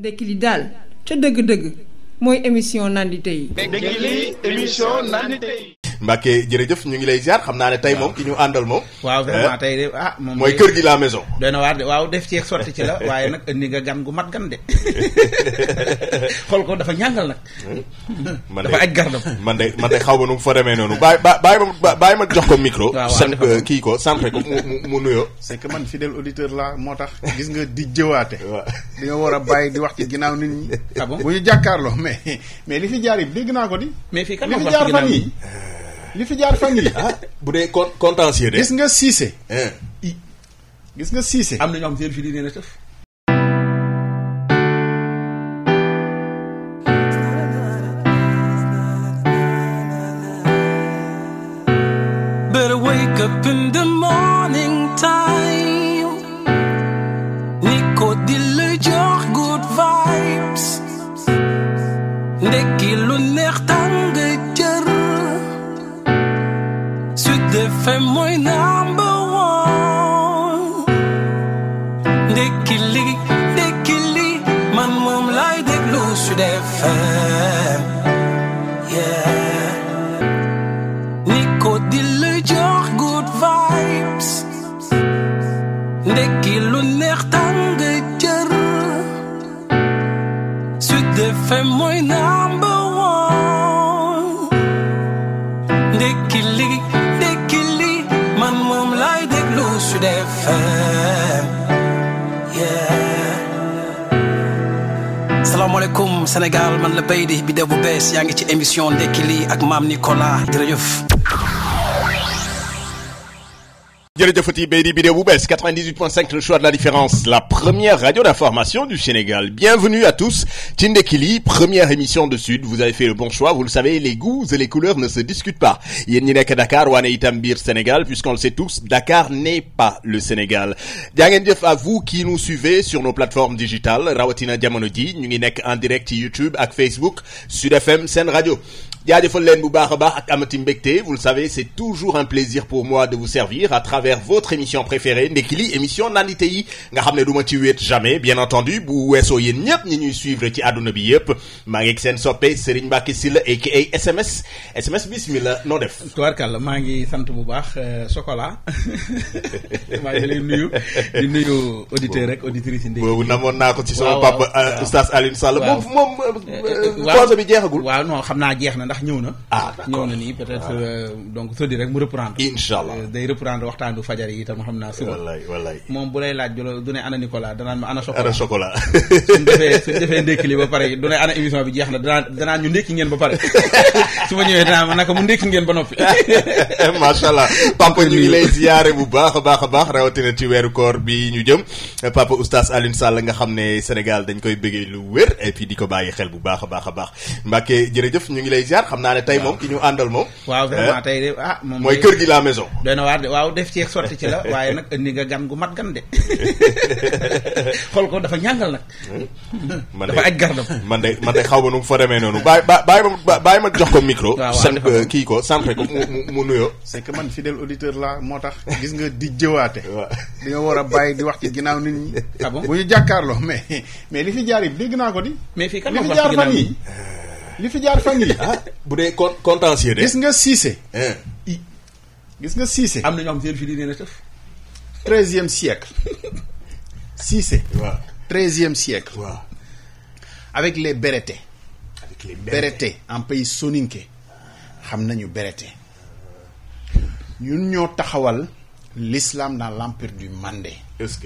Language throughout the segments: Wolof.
ndekki li daal ca dëgg-dëgg mooy émission nandite yi. ndekki li yi. Mbacke jërëjëf ñu ngi lay ziar xam naa ne tey moom ki ñu àndal moom waaw eh, vraiment tey de ah, moom mooy kër gi la maison doy na waar de waaw def ceeg sotti ci la waaye nag indi nga gan gu mat gan de xool ko dafa ñàngal nag eh, man dafa aj gardam man de man de xaw ma nu mu fa demee noonu bàyyi bàyyi ma bàyyi ma jox ko micro sànq kii ko centré ko mu mu nuyoo c'est que man fidèle auditeur la moo tax gis nga di jëwaate waaw di nga war a bàyyi di wax ci ginnaaw nit ñi ah bon bu ñu jàkkaarloo mais mais li fi jaar yi dégg naa ko di mais fii kan li fi jaar li fi jaar fan yii. Ah, bu dee con contentieux de. gis nga Cissé. Eh. gis nga Cissé. am na ñoo xam seen fii di nee na Sénégal man la bay di bi bu bees yaa ngi ci émission ndekki lii ak maam Nicolas jërëjëf jërëjëfati bay di vidéo bu bees 98.5 le choix de la différence la première radio d'information du Sénégal bienvenue à tous ci ndekki li première de Sud vous avez fait le bon ñi nekk Dakar waane itam biir Sénégal puisqu'on le sait tous Dakar n'est pas le Sénégal jaa ngeen jëf à vous qui nous suivez sur nos plateformes rawatina jamono ji ñu ngi nekk en direct ci YouTube ak Facebook Sud FM Sen Radio jaajëfal leen bu baax a baax ak amati mbégte vous le savez c'est toujours un plaisir pour moi de vous servir à travers votre émission préférée ndekki li émission nandite nga xam ne du ma ci wéet jamais bien entendu bu weesoo yéen ñëpp ñi ñuy suivre ci àdduna bi yëpp maa ngi ak seen soppe Serigne Mbacke Sylla aka SMS SMS bismillah noo def. tubarkalla maa ngi sant bu baax euh, Sokola maa ngi lay nuyu di rek auditrice yi. boobu namoon naa ko ci sama papa. waaw sal euh, Oustaz Alioune Sall. waaw euh, naa jeex na ndax ñëw na. ah ñëw na nii peut-être ah. euh, donc na ñu ndékki ngeen ba pare su ma ñëwee danaa ma naka mu ndékki ngeen ba noppi. macha allah papa ñu ngi lay bu baax a baax a baax rawatina ci weeru koor bi ñu jëm papa oustaz Alioune Sall nga xam ne Sénégal dañ koy bëggee lu wér et di ko bàyyi xel bu baax a baax a baax Mbacke jërëjëf ñu ngi lay ziyaar yaakaar xam naa ne tey moom ki ñu àndal moom waaw vraiment eh? tey de ah moom mooy kër gi la maison doy na waar de waaw def ceeg sotti ci la waaye nag indi nga gan gu mat gan de ko dafa ñàngal nag hmm? man dafa aj gardam man de man de xaw ma nu mu fa demee noonu bàyyi bàyyi ma bàyyi ma jox ko micro sànq kii ko centré ko mu mu nuyoo c'est que man fidèle auditeur la moo tax gis nga di jëwaate li nga war a bàyyi di wax ci ginnaaw nit ñi ah bon bu ñu jàkkaarloo mais mais li fi jaar yi dégg naa ko di mais fii kan li fi jaar fan yi li fi jaar fan yi ah, bu dee con contentieux de. gis nga Cissé. Eh. gis nga Cissé. am na fi di nee na tëf. treizième siècle Cissé. waaw treizième siècle. avec les Bérétés. avec en pays soninké xam nañu Bérétés ñun ñoo taxawal l'islam na l'empire du Mandé. est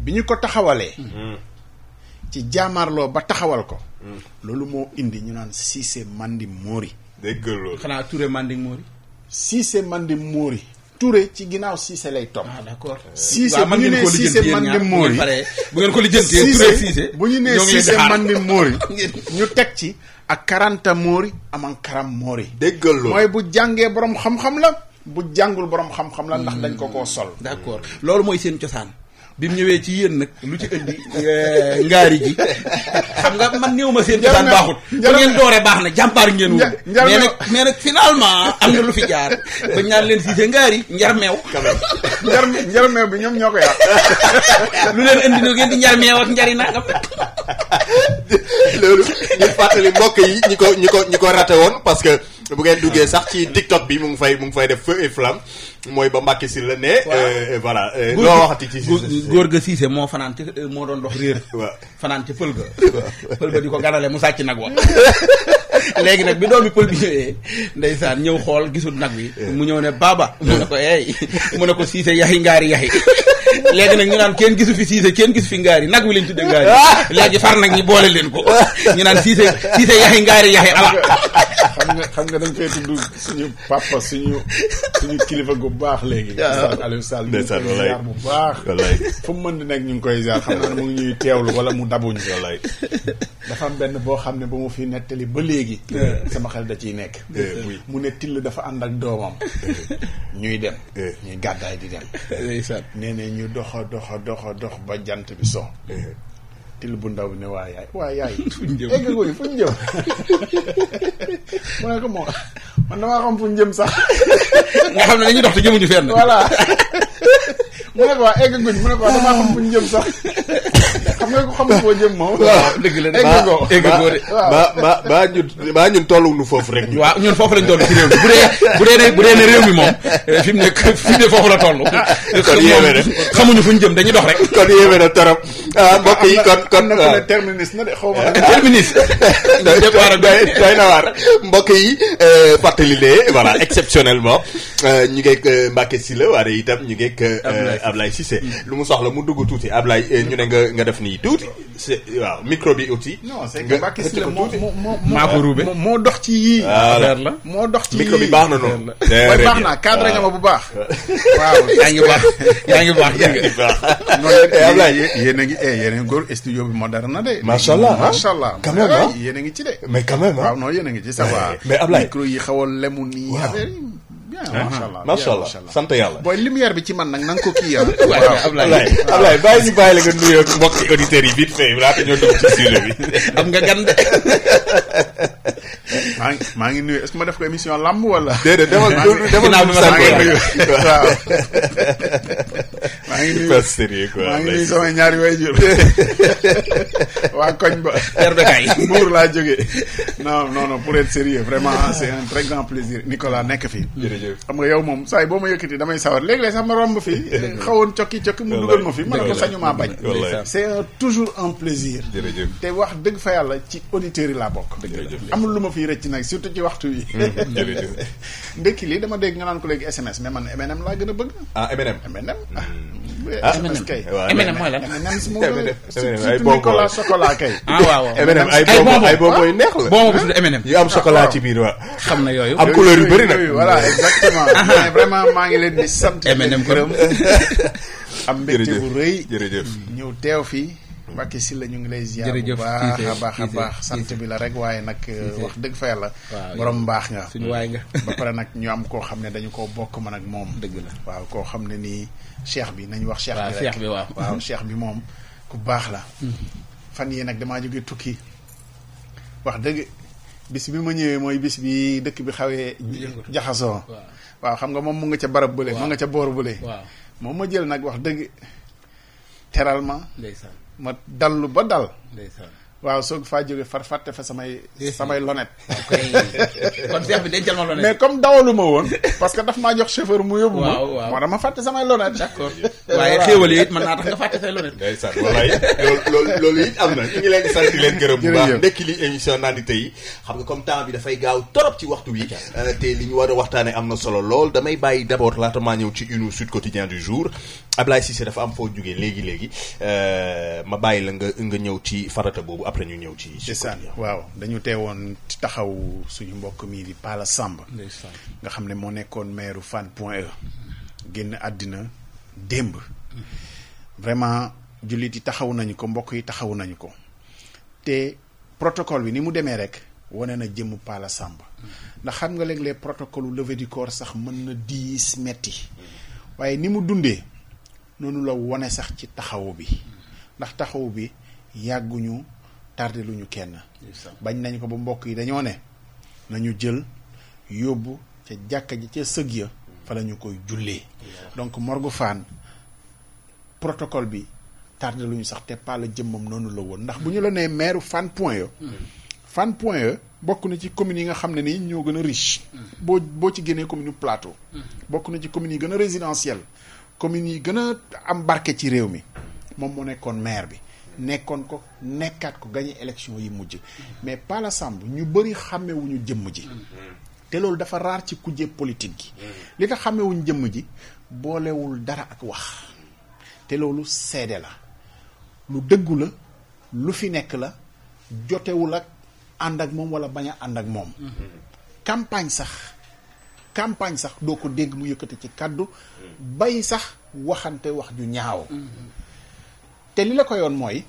bi ñu ko taxawalee. Hmm. ci jaamaarloo ba taxawal ko. Hmm. loolu moo indi ñu naan Cissé Mandi Mori. dégg loolu xanaa Touré Mandi Mori. Cissé Mandi Mori. Touré ci ginnaaw Cissé lay topp. ah d'accord eh. Cissé bu ñu nee Cissé Mandi Mori bu ngeen ko lijjantee Touré Cissé bu ñu nee Cissé Mandi Mori ñu teg ci ak Karanta Mori Amankaram Mori. dégg loolu mooy bu jàngee borom xam-xam la. bu jàngul borom xam-xam la ndax hmm. dañ ko koo sol. d'accord loolu mooy seen cosaan. bi mu ñëwee ci yéen nag lu ci indi eh, ngaari ji xam nga man néew ma seen cosaan baaxut bu ngeen doore baax na jàmbaar ngeen woon mais nag mais nag finalement am na lu fi jaar ba ñaan leen siise ngaari njarmeew njarmeew bi ñoom ñoo ko yàq lu leen indi nag ngeen di njarmeew ak njari nangam loolu ñu fàttali mbokk yi ñi ko ñi ko ñi ko raté woon parce que te bu ngeen duggee sax ci TikTok bi mu ngi fay mu ngi fay def feu et flamme mooy ba Mbacke si la ne. Euh, euh, voilà euh, loo waxati ci. góor ga Cissé moo fanaan ci moo doon dox réer. waaw fanaan ci pël ga. pël ga di ko ganale mu sàcc nag wa léegi nag bi doom bi pël bi ñëwee ndeysaan ñëw xool gisul nag wi mu ñëw ne baaba mu ne ko eey mu ne ko Cissé yaxi ngaari yaxi léegi nag ñu naan kenn gisu fi Cissé kenn gisu fi ngaari nag wi lañ tudde ngaari léegi far nag ñi boole leen ko ñu naan Cissé Cissé yaxi xam nga xam nga dañ koy tudd suñu papa suñu suñu kilifa gu baax léegi. waaw Aliou Sall ñu ngi koy bu baax. walaay mën di nekk ñu ngi koy ziar xam naa ne mu ngi ñuy teewlu wala mu dabuñu. walaay dafa am benn boo xam ne ba mu fi nettali ba léegi. sama xel da ciy nekk. mu ne till dafa ànd ak doomam. ñuy dem. ñuy gàddaay di dem. ndeysaan nee na ñu doxa doxa doxa dox ba jant bi so. till bu ndaw bi ne waa yaay waa egg guy fu mu ne ko moom man damaa xam fu sax. nga xam ne dañuy dox te jëmuñu fenn. voilà. mu ne ko waa egg guñ mu ne ko waa damaa xam fu ñu jëm sax xam la egg goo de ba ba ba ñun foofu rek. waaw ñun foofu lañ toll ci bu dee bu dee ne bu dee fi mu nekk foofu la toll. kon yéeme na xamuñu fu ñu jëm dañuy dox rek. kon yéeme na torop ah mbokk yi kon kon waaw terminus na de xaw ma. Ah, terminus. doy na mbokk yi euh, fàttali ne voilà exceptionnellement euh, ñu ngeeg euh, Mbacke Sylla waaye itam ñu Ablaye Cissé lu mu soxla mu dugg tuuti Ablaye eh, ñu ne nga def nii tuuti c'est waaw micro bi aussi. non c'est que Mbacké Sylla moo moo moo dox ci yii. affaire la moo dox ci yii micro baax na noonu. mooy baax na cadre nga ma bu baax. waaw yaa ngi baax yaa ngi baax. yaa ngi baax eh, Ablaye yéen a ngi eh, yéen a ngi góor studio na de. macha macha allah quand même a ngi ci de. mais quand waaw non yéen ngi ci ça va. mais Ablaye micro yi xawal lemu nii bien uh-huh. macha allah macha allah sant yàlla. booy lumière bi ci man nag na nga ko kii yaa. Ah. waaw Ablaye Ablaye bàyyi ñu bàyyi la nga nuyoo mbokki auditeurs yi vite fait laata ñoo dugg ci sujet bi. am nga gan maa ngi maa ngi nuyu est ma def ko émission làmb wala. déedéet demal demal ñu sant waaw. maa ngi nuyu maa ngi nuyu sama ñaari waajur waa koñ ba. terre de kay Mbour laa jógee. non non non pour être sérieux vraiment c'est un très grand plaisir Nicolas nekk fii. xam nga yow moom saa yi boo ma yëkkati damay sawar léeg-léeg sax ma romb fii. xawoon cokki cokki mu dugal ma fi ma ne ko sañu maa bañ. c'est toujours un plaisir. te wax dëgg fa yàlla ci auditeurs yi laa bokk. amul lu ma fi rëcc nag surtout ci waxtu wi. ndekki lii dama dégg nga naan ko léegi SMS mais man MNM laa gën a bëgg. ah MNM MNM. ah MNM kay MNM mooy lan. MNM si moom la ay bonbon ay bonbon yu neex la. bonbon bu tudd MNM. yu am chocolat ci biir waa xam na yooyu. am couleur yu bëri nag voilà exactement. vraiment maa ngi leen di sant. MNM gërëm am mbégte bu rëy. ñëw teew fii. Mbacke Sylla ñu ngi lay ziar bu baax a baax a baax sant bi la rek waaye nag euh, wax dëgg fa yàlla borom mbaax nga suñu waay nga nag ñu am koo xam ne dañu ko bokk man ak moom dëgg la waaw koo xam ne nii cheikh bi nañu wax cheikh bi bi waaw waaw cheikh bi moom ku baax la mm-hmm. fan yi nag damaa jóge tukki wax dëgg bis bi ma ñëwee mooy bis bi dëkk bi xawee jaxasoo waaw xam nga moom mu nga ca barab bële mu nga ca boor bële moom ma jël nag wax dëgg teral ma ma dallu ba dal waaw soo faa jóge far fàtte fa samay samay lonet kon seex bi dencal ma lonet mais comme dawalu ma woon parce que daf maa jox chauffeur mu yóbbu ma moo dama fàtte samay lonet d'accord waaye xéewal it mën naa tax nga fàtte say lonet ndeysaan wallaay loolu loolu it am na ñu ngi leen di sant di leen gërëm bu baax ndekki li émission naandite yi xam nga comme temps bi dafay gaaw torop ci waxtu wi euh, te li ñu war a waxtaan waxtaane am na solo lool damay bàyyi d'abord laata maa ñëw ci une Sud Quotidien jour Ablaye Cissé dafa am foo jógee léegi léegi euh, ma bàyyi la nga nga ñëw ci farata boobu après ñu ñëw ci. ndeysaan waaw dañu tey woon taxawu suñu mbokk mii di Pala Samb. nga xam ne moo nekkoon maire Fann Point e. génn àddina démb. vraiment jullit yi taxaw nañu ko mbokk yi taxaw nañu ko. te protocole bi ni mu demee rek. wane na jëmm Pala Samb. ndax xam nga léeg-léeg protocole levée sax mën na diis metti mm. waaye ni mu dundee. noonu la wone sax ci taxawu bi ndax taxawu bi yàgguñu lu ñu kenn bañ nañ ko ba mbokk yi dañoo ne nañu jël yóbbu ca jàkka ji ca sëg ya fa la ñu koy jullee donc morgu fan protocole bi tardé luñu sax te pas la jëmmam noonu la woon ndax bu ñu la nee maire Fann Point E hmm. Fann Point E bokk na ci commune yi nga xam ne ni ñoo gën a riche hmm. boo boo ci génnee commune Plateau hmm. bokk na ci communes yi gën a résidentielle communes yi gën a am barke ci réew mi moom mu nekkoon maire bi nekkoon ko nekkaat ko gañu élection yi mujj mais Palla Samb ñu bari xàmmewuñu jëmm ji te loolu dafa raar ci kujje politique gi li tax xàmmewuñu jëmm ji boolewul dara ak wax te loolu seede la lu dëggu la lu fi nekk la jotewul ak ànd ak moom wala bañ a ànd ak moom mhm. campagne sax campagne sax doo ko dégg mu yëkkati ci kàddu bay sax waxante wax ñu ñaaw te li la ko yoon mooy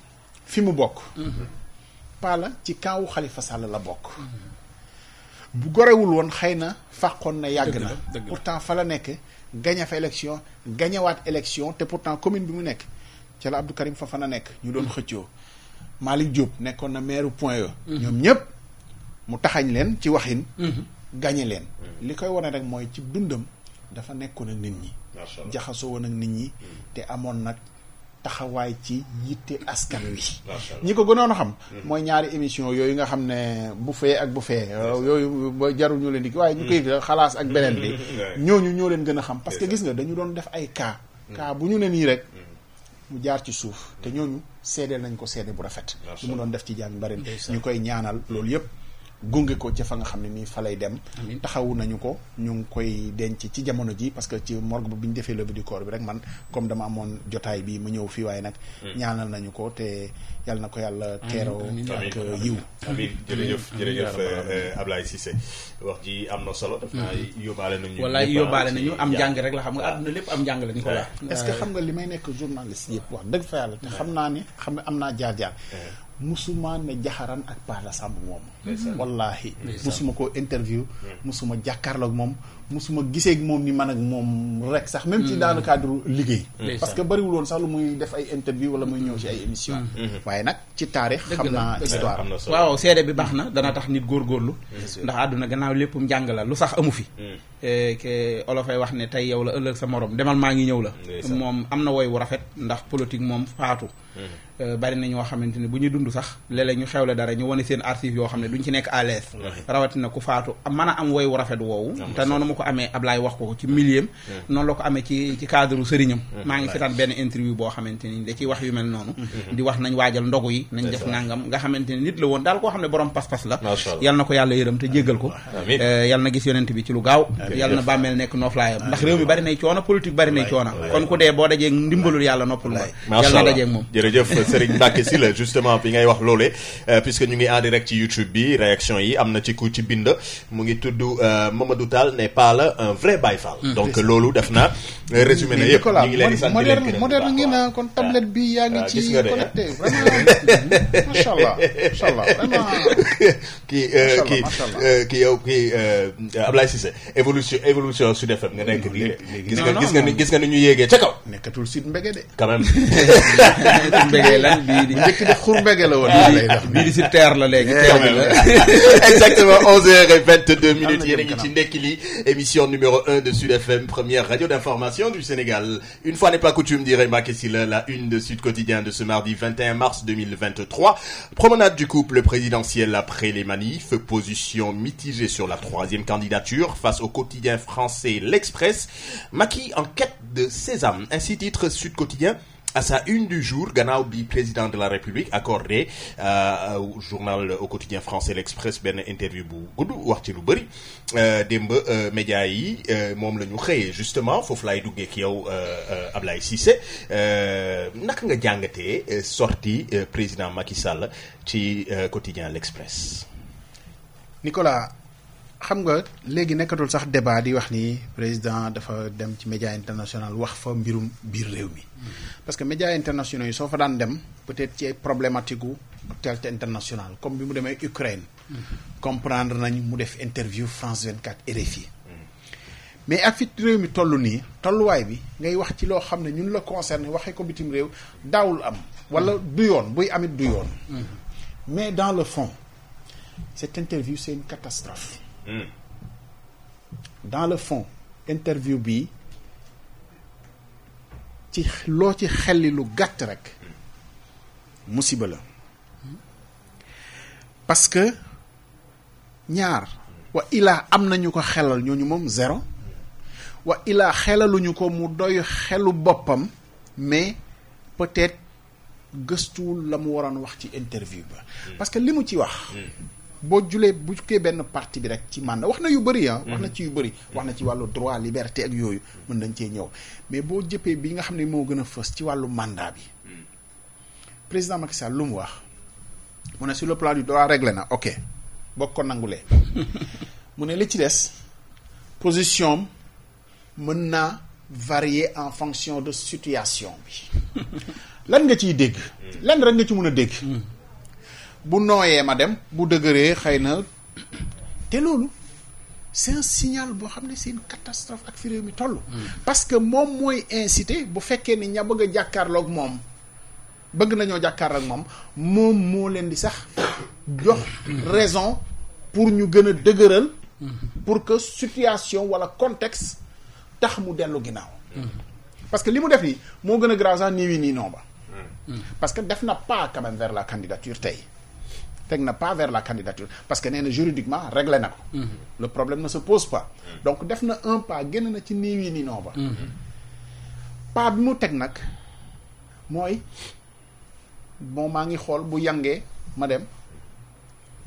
fi mu bokk paala ci kaawu Xalifa Sall la bokk bu gorewul woon xëy na fàqoon na yàgg na pourtant fa la nekk gañe fa élection gañewaat élection te pourtant commune bi mu nekk ca la Abdou Karim a nekk ñu doon xëccoo Malick Diop nekkoon na maire point yo e. mhm. ñoom ñëpp mu taxañ leen ci waxin mhm. gañe leen li koy wane rek mooy ci dundam dafa nekkoon ak nit ñi. jaxasoo woon ak nit ñi. Hmm. te amoon nag taxawaay ci yitte askan wi. Hmm. ñi ko gënoon a xam. Hmm. mooy ñaari émission yooyu nga xam ne bu fee ak bu fee. yooyu jarul ñu leen di waaye ñu koy xalaas ak beneen bi. ñooñu ñoo leen gën a xam parce que gis nga dañu doon def ay cas. cas bu ñu ne nii rek. mu jaar ci suuf te ñooñu seedeel nañ ko seede bu rafet. lu ma doon def ci jàng bari ñu koy ñaanal loolu yëpp. gunge ko ci fa nga xam ne nii fa lay dem. taxawu nañu ko ñu ngi koy denc ci jamono ji parce que ci morgue bi ñu defee levée di corps bi rek man comme dama amoon jotaay bi mu ñëw fii waaye nag. Hmm. ñaanal nañu ko te yal na ko yàlla. teeroo ak euh, yiw. amiin jërëjëf jërëjëf euh, euh, Ablaye wax ci am na solo. daf naa hmm. yóbbaale nañu. walaay yóbbaale nañu am njàng rek la xam nga ah. àdduna lépp am njàng la ñu ko wax. est-ce xam nga li may nekk journaliste yëpp wax dëgg fa yàlla te xam naa ni xam ne am naa jaar jaar musuma ne jaxaran ak Palla Samb moom wallahi musuma koo interview hmm. musuma jàkkaarloog moom musuma giseeg moom ni man ak moom rek sax même ci hmm. dans le liggéey parce que bariwul woon sax lu muy def ay interview wala muy ñëw ci ay émission hmm. waaye nag ci taarix xam naa histoire waaw seede bi baax na dana tax nit góor góorlu ndax àdduna gannaaw lépp njàng la lu sax amu fi eh, olofay wax ne tey yow la ëllëg sa moroom demal maa ngi ñëw la moom am na wu rafet ndax politique moom faatu Euh, bari na ñoo xamante ne bu ñu dund sax léeg-léeg ñu xewle dara ñu seen archive yoo xam ne duñ ci nekk à l'aise rawatina ku faatu mën a am woy wu rafet woowu te noonu mu ko amee Ablaye wax ko ci milieu hmm. noonu la ko amee ci ci cadre sëriñam hmm. maa boo xamante ni da ciy wax yu mel noonu hmm. di wax nañ waajal ndogu yi nañ def nàngam nga xamante ne nit la woon daal koo xam ne borom pas-pas la yal na ko yàlla yërëm te jéggal ko euh, yal na gis yonent bi ci lu gaaw yal na bàmmeel nekk noflaayam ndax réew mi bari nay coona Serigne Mbacké Sylla justement bi ngay wax loolee euh, puisque ñu ngi en direct ci YouTube bi réaction yi am na ci ku ci bind mu ngi tudd euh, Mamadou Tall n'est pas là un vrai Baye Fall. Mm. donc loolu def na euh, résumé na yëpp ñu ngi leen di sant moderne ngi na kon ah. tablette bi yaa ngi ah, ci connecté vraiment macha allah macha allah vraiment kii kii kii yow kii Ablaye Cissé évolution évolution Sud FM nga nekk nii gis nga gis ni gis nga ni ñu yéegee ca kaw nekkatul Sud Mbege de quand lay lan bii di njëkk di xurbege la woon. lay si terre li émission numéro 1 de Sud FM première radio d'information du Sénégal une fois n'est pas coutume dirait Mbacké Sylla la une de la troisième candidature face au quotidien français L'Express en quête de sésame ainsi titre Sud Quotidien à sa une du jour gannaaw bi président de la république accordé euh, journal au quotidien français l'Express benn interview bu gudd wax ci lu bëri euh, démb euh, média yi moom la ñu xëyee justement foofu laay duggee ak yow Ablaye Cissé naka nga jàngatee sorti président Macky Sall ci quotidien l'Express Nicolas xam nga léegi nekkatul sax débat di wax nii président dafa dem ci média international wax fa mbirum biir réew mi parce que média internationaux yi soo fa daan dem peut-être ci ay problématique gu actualité internationale comme bi mu demee Ukraine comprendre nañ mu def interview France 24 RFI mais ak fit réew mi toll nii tolluwaay bi ngay wax ci loo xam ne ñun la concerné waxee ko bitim réew daawul am wala du buy amit du mm-hmm. mais dans le fond cette interview c'est une Mm. dans le fond interview bi ci loo ci xelli lu gàtt rek musiba la parce que ñaar wa ilaa am nañu ko xelal ñooñu moom zéro wa ilaa xelaluñu ko mu doy xelu boppam mais peut-être gëstuwul la mu waroon wax ci interview ba mm. parce que li mu ci wax mm. boo julee bu jukkee benn parti bi rek ci mandat wax na yu bëri ah. wax na mhm. ci yu bëri. wax na ci wàllu droit liberté ak yooyu. mën nañ cee ñëw mais boo jëppee bi nga xam ne moo gën a fës ci wàllu mandat bi. Mm. président Macky Sall lu mu wax. mu ne sur le plan du droit réglé na ok bokk ko nangulee. mu ne li ci des position mën naa varier en fonction de situation bi. lan nga ciy dégg. Mm. lan rek nga ci mën a dégg. Mm. bu nooyee ma dem bu dëgëree xëy na te loolu c'est un boo xam ne c'est une catastrophe ak fi mi toll. parce que moom mooy incité bu fekkee ni ña bëgg a jàkkaarloog moom bëgg nañoo jàkkaarlook moom moom moo leen di sax jox raison pour ñu gën a dëgëral. pour que situation wala contexte tax mu dellu ginnaaw. parce que li mu def nii moo gën a grave sax nii wii nii non ba. parce que def na pas quand même vers la candidature tey. teg na pas la candidature parce que nee na juridiquement réglé na ko mhm. le problème ne se pose pas donc def na un pas génn na ci niiw yi ni ba mhm. pas bi mu teg nag mooy bon maa ngi xool bu yangee ma dem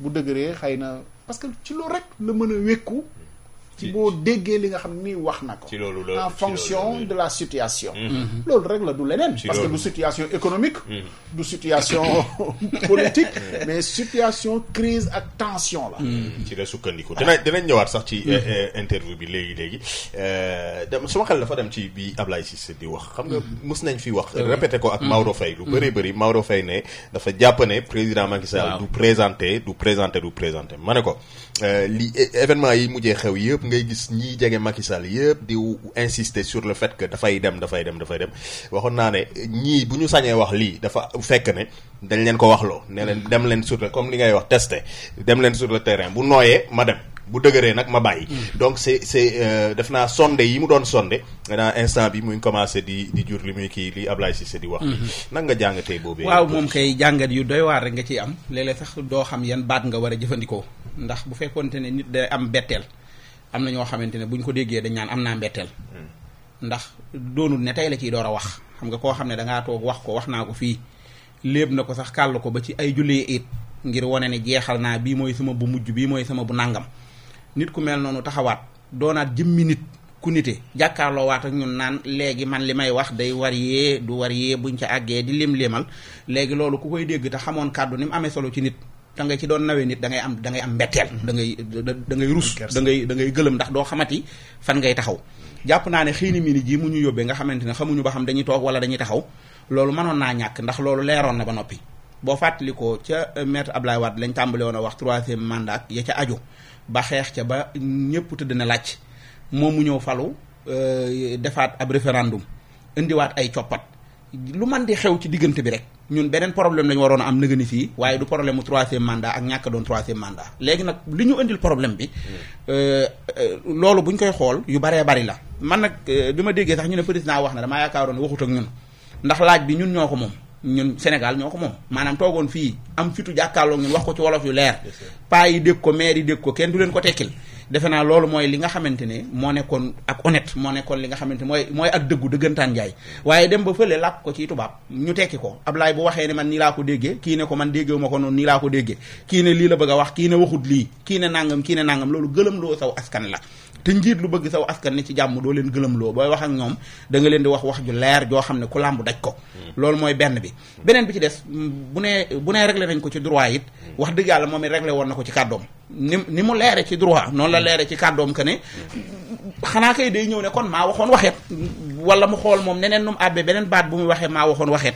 bu dëgëree xëy na parce que ci loolu rek la mën a wékku ci boo déggee li nga xam ni wax na ko en fonction de la situation mm-hmm. Mm-hmm. loolu rek la du leneen parce que du situation économique mm-hmm. du situation politique mais situation crise ak tension la ci la sukkandiku dinañ ah. dinañ ñëwaat sax ci eh, eh, interview bi léegi léegi euh, dem suma xel dafa dem ci bi Ablaye Cissé di wax xam nga mës nañ fi wax répété ko ak Maodo Faye lu bëri bëri Maodo fay ne dafa jàpp ne président Macky Sall du présenté du présenté du présenté ma ne ko Euh, lii événement yi mujjee xew yëpp ngay gis ñiy jege Macky Sall yëpp di insister sur le fait que dafay dem dafay dem dafay dem waxoon naa ne ñii bu ñu sañee wax lii dafa fekk ne dañ leen ko waxloo ne leen dem leen sur le comme li ngay wax teste dem leen sur le terrain bu nooyee ma dem bu dëgëree nag ma bàyyi. Mm. donc c'est c'est euh, def naa sonde yi mu doon sonde dans instant bi muy ngi commencé di di jur li muy kii li Ablaye Cissé di wax. Mm-hmm. nan nga jàngatee boobee. waaw moom kay jàngat yu doy rek nga ciy am léeg sax doo xam yan baat nga war a jëfandikoo. ndax bu fekkonte ne nit day am betteel am na ñoo xamante ne buñ ko déggee dañ naan am naa mbetteel hmm. ndax doonul ne tey la ciy door a wax xam nga koo xam ne dangaa toog wax ko wax naa ko fii léeb na ko sax kàll ko ba ci ay julli it ngir wane ne jeexal naa bii mooy sama bu mujj bii mooy sama bu nàngam nit ku mel noonu taxawaat doonaat jëmmi nit ku nite jàkkaarloo waat ak ñun naan léegi man li may wax day war yee du war yée bu ñu ca àggee di lim limal léegi loolu ku koy dégg te xamoon kàddu ni mu amee solo ci nit da nga ci doon nawee nit da ngay am dangay am mbetteel da ngay da ngay rus da ngay da ngay gëlëm ndax doo xamati fan ngay taxaw jàpp naa ne xëy na ji mu ñu yóbbee nga xamante ne xamuñu ba xam dañuy toog wala taxaw loolu mënoon naa ñàkk ndax loolu leeroon na ba noppi boo fàttalikoo ca euh, maître Abdoulaye Wade lañ tàmbale woon a wax troisième mandat ya ca aju ba xeex ca ba ñëpp tëdd na laaj moom mu ñëw falu euh, defaat ab référendum indiwaat ay coppat lu man di xew ci diggante bi rek ñun beneen problème lañu waroon am nëga ni fii waaye du problème mu troisième mandat ak ñàkk doon troisième mandat léegi nag li ñu indil problème bi mm. euh, euh, loolu bu ñu koy xool yu baree bari la man nag euh, bi ma déggee sax ñu ne président wax na dama yaakaaroon ne waxut ak ñun ndax laaj bi ñun ñoo ko moom ñun Sénégal ñoo ko moom maanaam toogoon fii am fitu jàkkaarloo ñun wax ko ci wolof yu leer paa yi dégg ko maire yi dégg ko kenn du leen ko tekkil defe naa loolu mooy li nga xamante ne moo nekkoon ak honnête moo nekkoon li nga xamante ne mooy mooy ak dëggu dëggantaan njaay waaye dem ba fële làkk ko ci tubaab ñu tekki ko ab laay bu waxee ne man nii laa ko déggee kii ne ko man déggewuma ko noonu nii laa ko déggee kii ne lii la bëgg a wax kii ne waxut lii kii ne nangam kii ne nangam loolu gëlëm loo saw askan la te njiit lu bëgg saw askan ni ci jàmm doo leen gëlëmloo booy wax ak ñoom da leen di wax wax ju leer joo xam ne ku làmb daj ko mm. loolu mooy benn bi beneen bi ci des bu nee bu nee réglé nañ ko ci droit it mm. wax dëgg yàlla moom it réglé woon na ko ci kàddoom ni mu leere ci droit noonu la mm. leere ci kàddoom que ne xanaa kay day ñëw ne kon maa waxoon waxeet wala mu xool moom neneen nu mu àbbee beneen baat bu muy waxee maa waxoon waxeet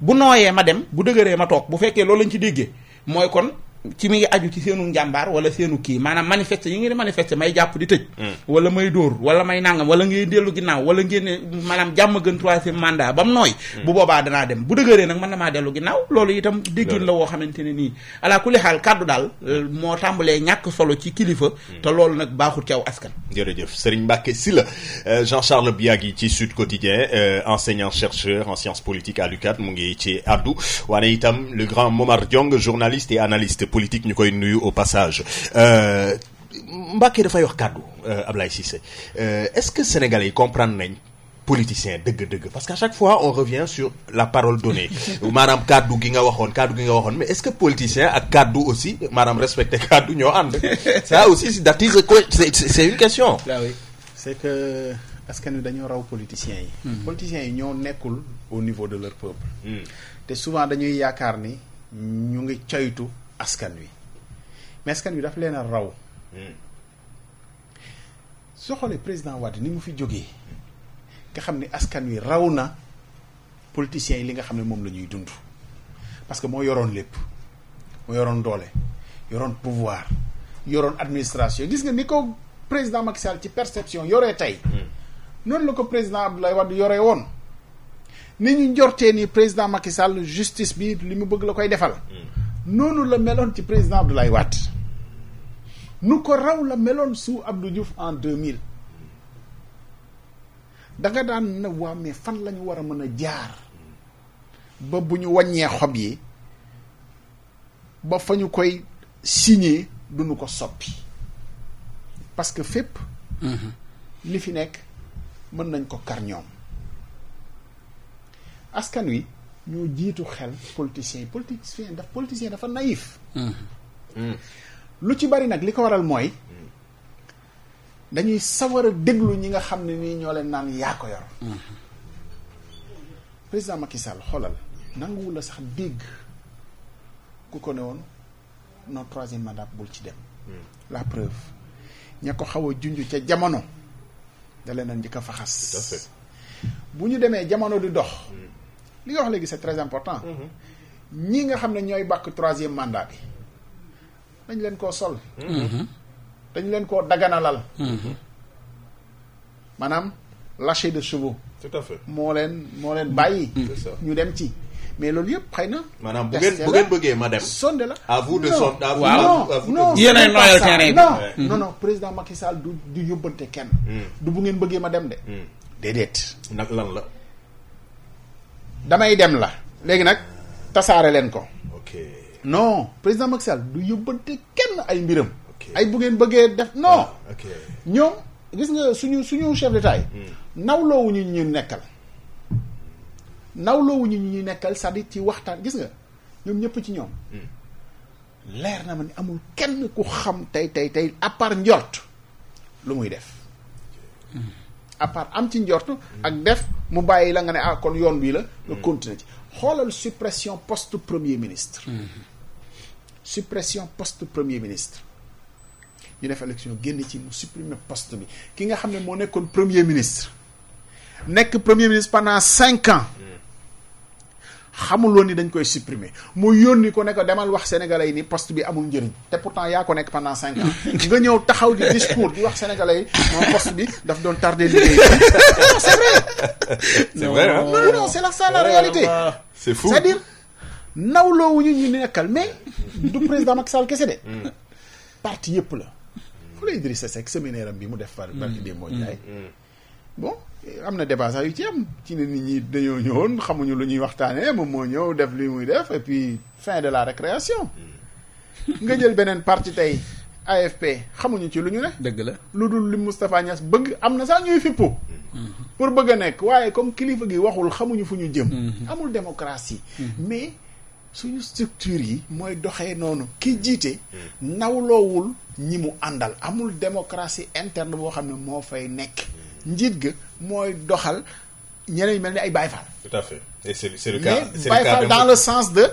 bu nooyee ma dem bu dëgëree ma toog bu fekkee loolu lañ ci déggee mooy kon ci mi ngi aju ci seenu njàmbaar wala seenu kii maanaam manifester yi ngeen di manifester may jàpp di tëj. Mm. wala may dóor wala may nangam wala ngay dellu ginnaaw wala ngeen ne maanaam jàmm gën troisième mandat ba mu nooy. Mm. bu boobaa danaa dem bu dëgëree nag mën na maa dellu ginnaaw loolu itam. déggin la woo xamante ne nii. ala kulli xaal kàddu daal euh, moo tàmbalee ñàkk solo ci kilifa. Mm. te loolu nag baaxut ci aw askan. jërëjëf Serigne si la euh, Jean-Charles Biagui ci Sud Quotidien euh, enseignant chercheur en sciences politiques à l'UCAD mu ngi ci addu waane itam le grand Momar Diong journaliste et analyste politique ñu koy nuyu au passage euh, Mbacké dafay wax kàddu euh, Ablaye Cissé euh, est-ce que sénégalais yi comprendre nañ. politicien dëgg-dëgg parce qu'à chaque fois on revient sur la parole donnée maanaam kàddu gi nga waxoon kàddu gi nga waxoon mais est-ce que politicien ak kàddu aussi maanaam respecté kàddu ñoo ànd ça aussi that is c'est une question là oui c'est que askan wi dañoo raw politicien yi hmm. politiciens yi ñoo nekkul au niveau de leur peuple hmm. te souvent dañuy yaakaar ni ñu ngi caytu askan wi mais askan wi daf leen a raw hmm. soxole président Wade ni mu fi jógee nga xam ni askan wi raw na politiciens yi li nga xam ne moom la ñuy dund parce que moo yoroon lépp moo yoroon doole yoroon pouvoir yoroon administration gis nga ni ko président Macky Sall ci perception yoree tey hmm. noonu la ko président Abdoulaye Wade yoree woon ni ñu njortee ni président Macky Sall justice bi li mu bëgg la koy defal hmm. noonu la meloon ci président Abdoulaye Wade nu ko raw la meloon sous Abdou Diouf en 2000 da nga daan ne waa fan la ñu war a mën a jaar ba bu ñu wàññee xob yi ba fa ñu koy signé du ñu ko soppi parce que fépp. Mhm. li fi nekk mën nañ ko kar ñoom askan wi. ñoo jiitu xel politiciens yi politicien daf dafa naïf hmm. lu ci bari nag li ko waral mooy hmm. dañuy sawar déglu ñi nga xam ne nii ñoo leen naan yaa ko yor hmm. président Macky Sall xoolal nanguwu la sax dégg ku ko ne woon non troisième mandat bul ci dem la preuve ña ko xaw a junj ca jamono da leen a njëkk faxas bu ñu demee jamono di dox li nga wax léegi c'est très important. Mm-hmm. ñi nga xam ne ñooy bàkk troisième mandat bi dañ leen koo sol. Mm-hmm. dañ leen koo daganalal. Mm-hmm. maanaam lâcher de chevaux. tout à moo leen moo leen bàyyi. ñu dem ci. mais loolu yëpp xëy na. maanaam bu ngeen bu ngeen bëggee ma dem. sonde la à vous de sonde à vous de non non non non président Macky Sall du du yóbbante kenn. Mm. du bu ngeen bëggee ma dem de. Mm. déedéet. nag lan la. damay dem la léegi nag tasaare leen ko. ok non président Macky Sall du yóbbante kenn ay mbiram. ay bu ngeen bëggee def non. Ah, ñoom gis nga suñu suñu chef d'état yi. Hmm. nawloowu ñu ñu nekkal. nawloowu ñu ñu nekkal cest à ci waxtaan gis nga ñoom ñëpp ci ñoom. Hmm. leer na ma ni amul kenn ku xam tey tey tey à part njort lu muy def. à part am ci njort ak def mu bàyyi la nga ne ah kon yoon bii la nga mm. continuer ci xoolal suppression post premier ministre mm-hmm. suppression poste premier ministre ñu def élection génn ci mu supprimer poste bi ki nga xam ne moo nekkoon premier ministre nekk premier ministre pendant cinq ans xamuloon ni dañ koy supprimer mu yónni ko ne ko demal wax sénégalais yi ni poste bi amul njëriñ te pourtant yaa ko nekk pendant cinq ans nga ñëw taxaw di discours di wax sénégalais yi non bi daf doon tardé liggéey c'est vrai c'est réalité c'est fou cest à nekkal mais du président Macky Sall kese de mm. parti yëpp la fu la Idrissa Seck séminaire am bi mu def par parti des mooy bon am na débat yu ci am ci ne nit ñi dañoo ñëwoon xamuñu lu ñuy waxtaanee moom moo ñëw def li muy def et fin de la récréation hmm. nga jël beneen parti tey AFP xamuñu ci lu ñu ne. dëgg la lu dul li Moustapha Niass bëgg am na sax ñuy fippu. Hmm. pour bëgg a nekk waaye comme kilifa gi waxul xamuñu fu ñu jëm. Hmm. amul démocratie. mais suñu structure yi. mooy doxe noonu ki jiite. nawloowul ñi mu àndal amul démocratie interne boo xam ne moo fay nekk. njiit ga. mooy doxal ñeneen ñu mel ni ay Baye tout à fait et c'est le cas mais Baye dans le sens de.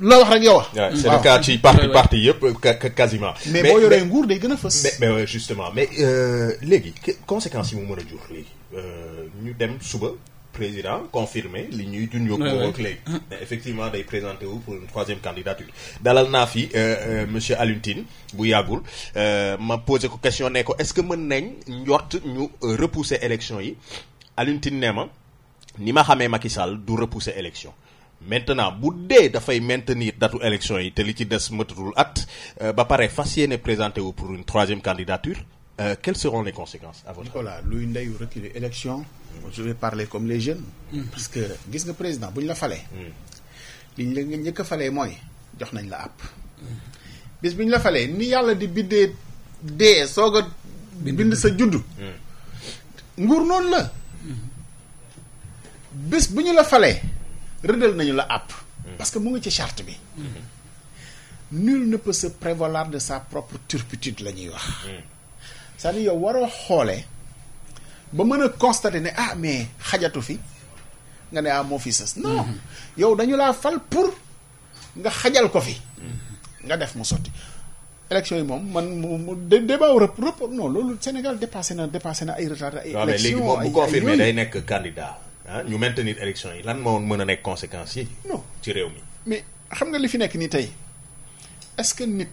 loo wax rek yow wax. waaw c'est le cas ci parti parti yëpp quasiment. mais boo yoree nguur day gën a fës. mais mais justement mais euh, léegi conséquences yi mu mën a jur léegi euh, ñu dem suba. président confirmé li ñuy dund yokk boobu effectivement day présenté wu pour une troisième candidature dalal naa fi euh, euh, monsieur Alioune bu yàggul euh, ma posé ko question ne ko est-ce que mën nañ njort ñu repousser élection yi Alioune Tine ne ma ni ma xamee Macky du repousser élection maintenant bu dee dafay maintenir datu élection yi te li ci des mëtatul at ba pare fas yéene présenter wu pour une troisième candidature Euh, quelles seront les conséquences à votre Nicolas luy ndeyu reculer élection je vais parler comme les jeunes hmm. parce que gis nga président bu ñu la falee hmm. liñ la nga njëkk a falee mooy jox nañ la àpp hmm. bis bu ñu la falee ni yàlla di biddee dee soog bi bind sa juddu nguur noonu la bés bu ñu la falee rëddal nañu la àpp parce que mu ngi ci chart bi nul ne peut se prévaloir de sa propre turpitude la ñuy wax c'est-à-dire yow waroo xoolee ba mën a constater ne ah mais xajatu fi nga ne ah moo fi sas non mhm. yow dañu laa fal pour nga xajal ko fi mhm. nga def mu sotti élection yi moom man mu mu débat report non loolu Sénégal dépasé na dépassé na ay retard ay élection léegi bu confirmé nekk candidat ah, ñu maintenir élection yi lan moo mën a nekk conséquences yi non ci réew mi mais xam nga li fi nekk nii tey est-ce que nit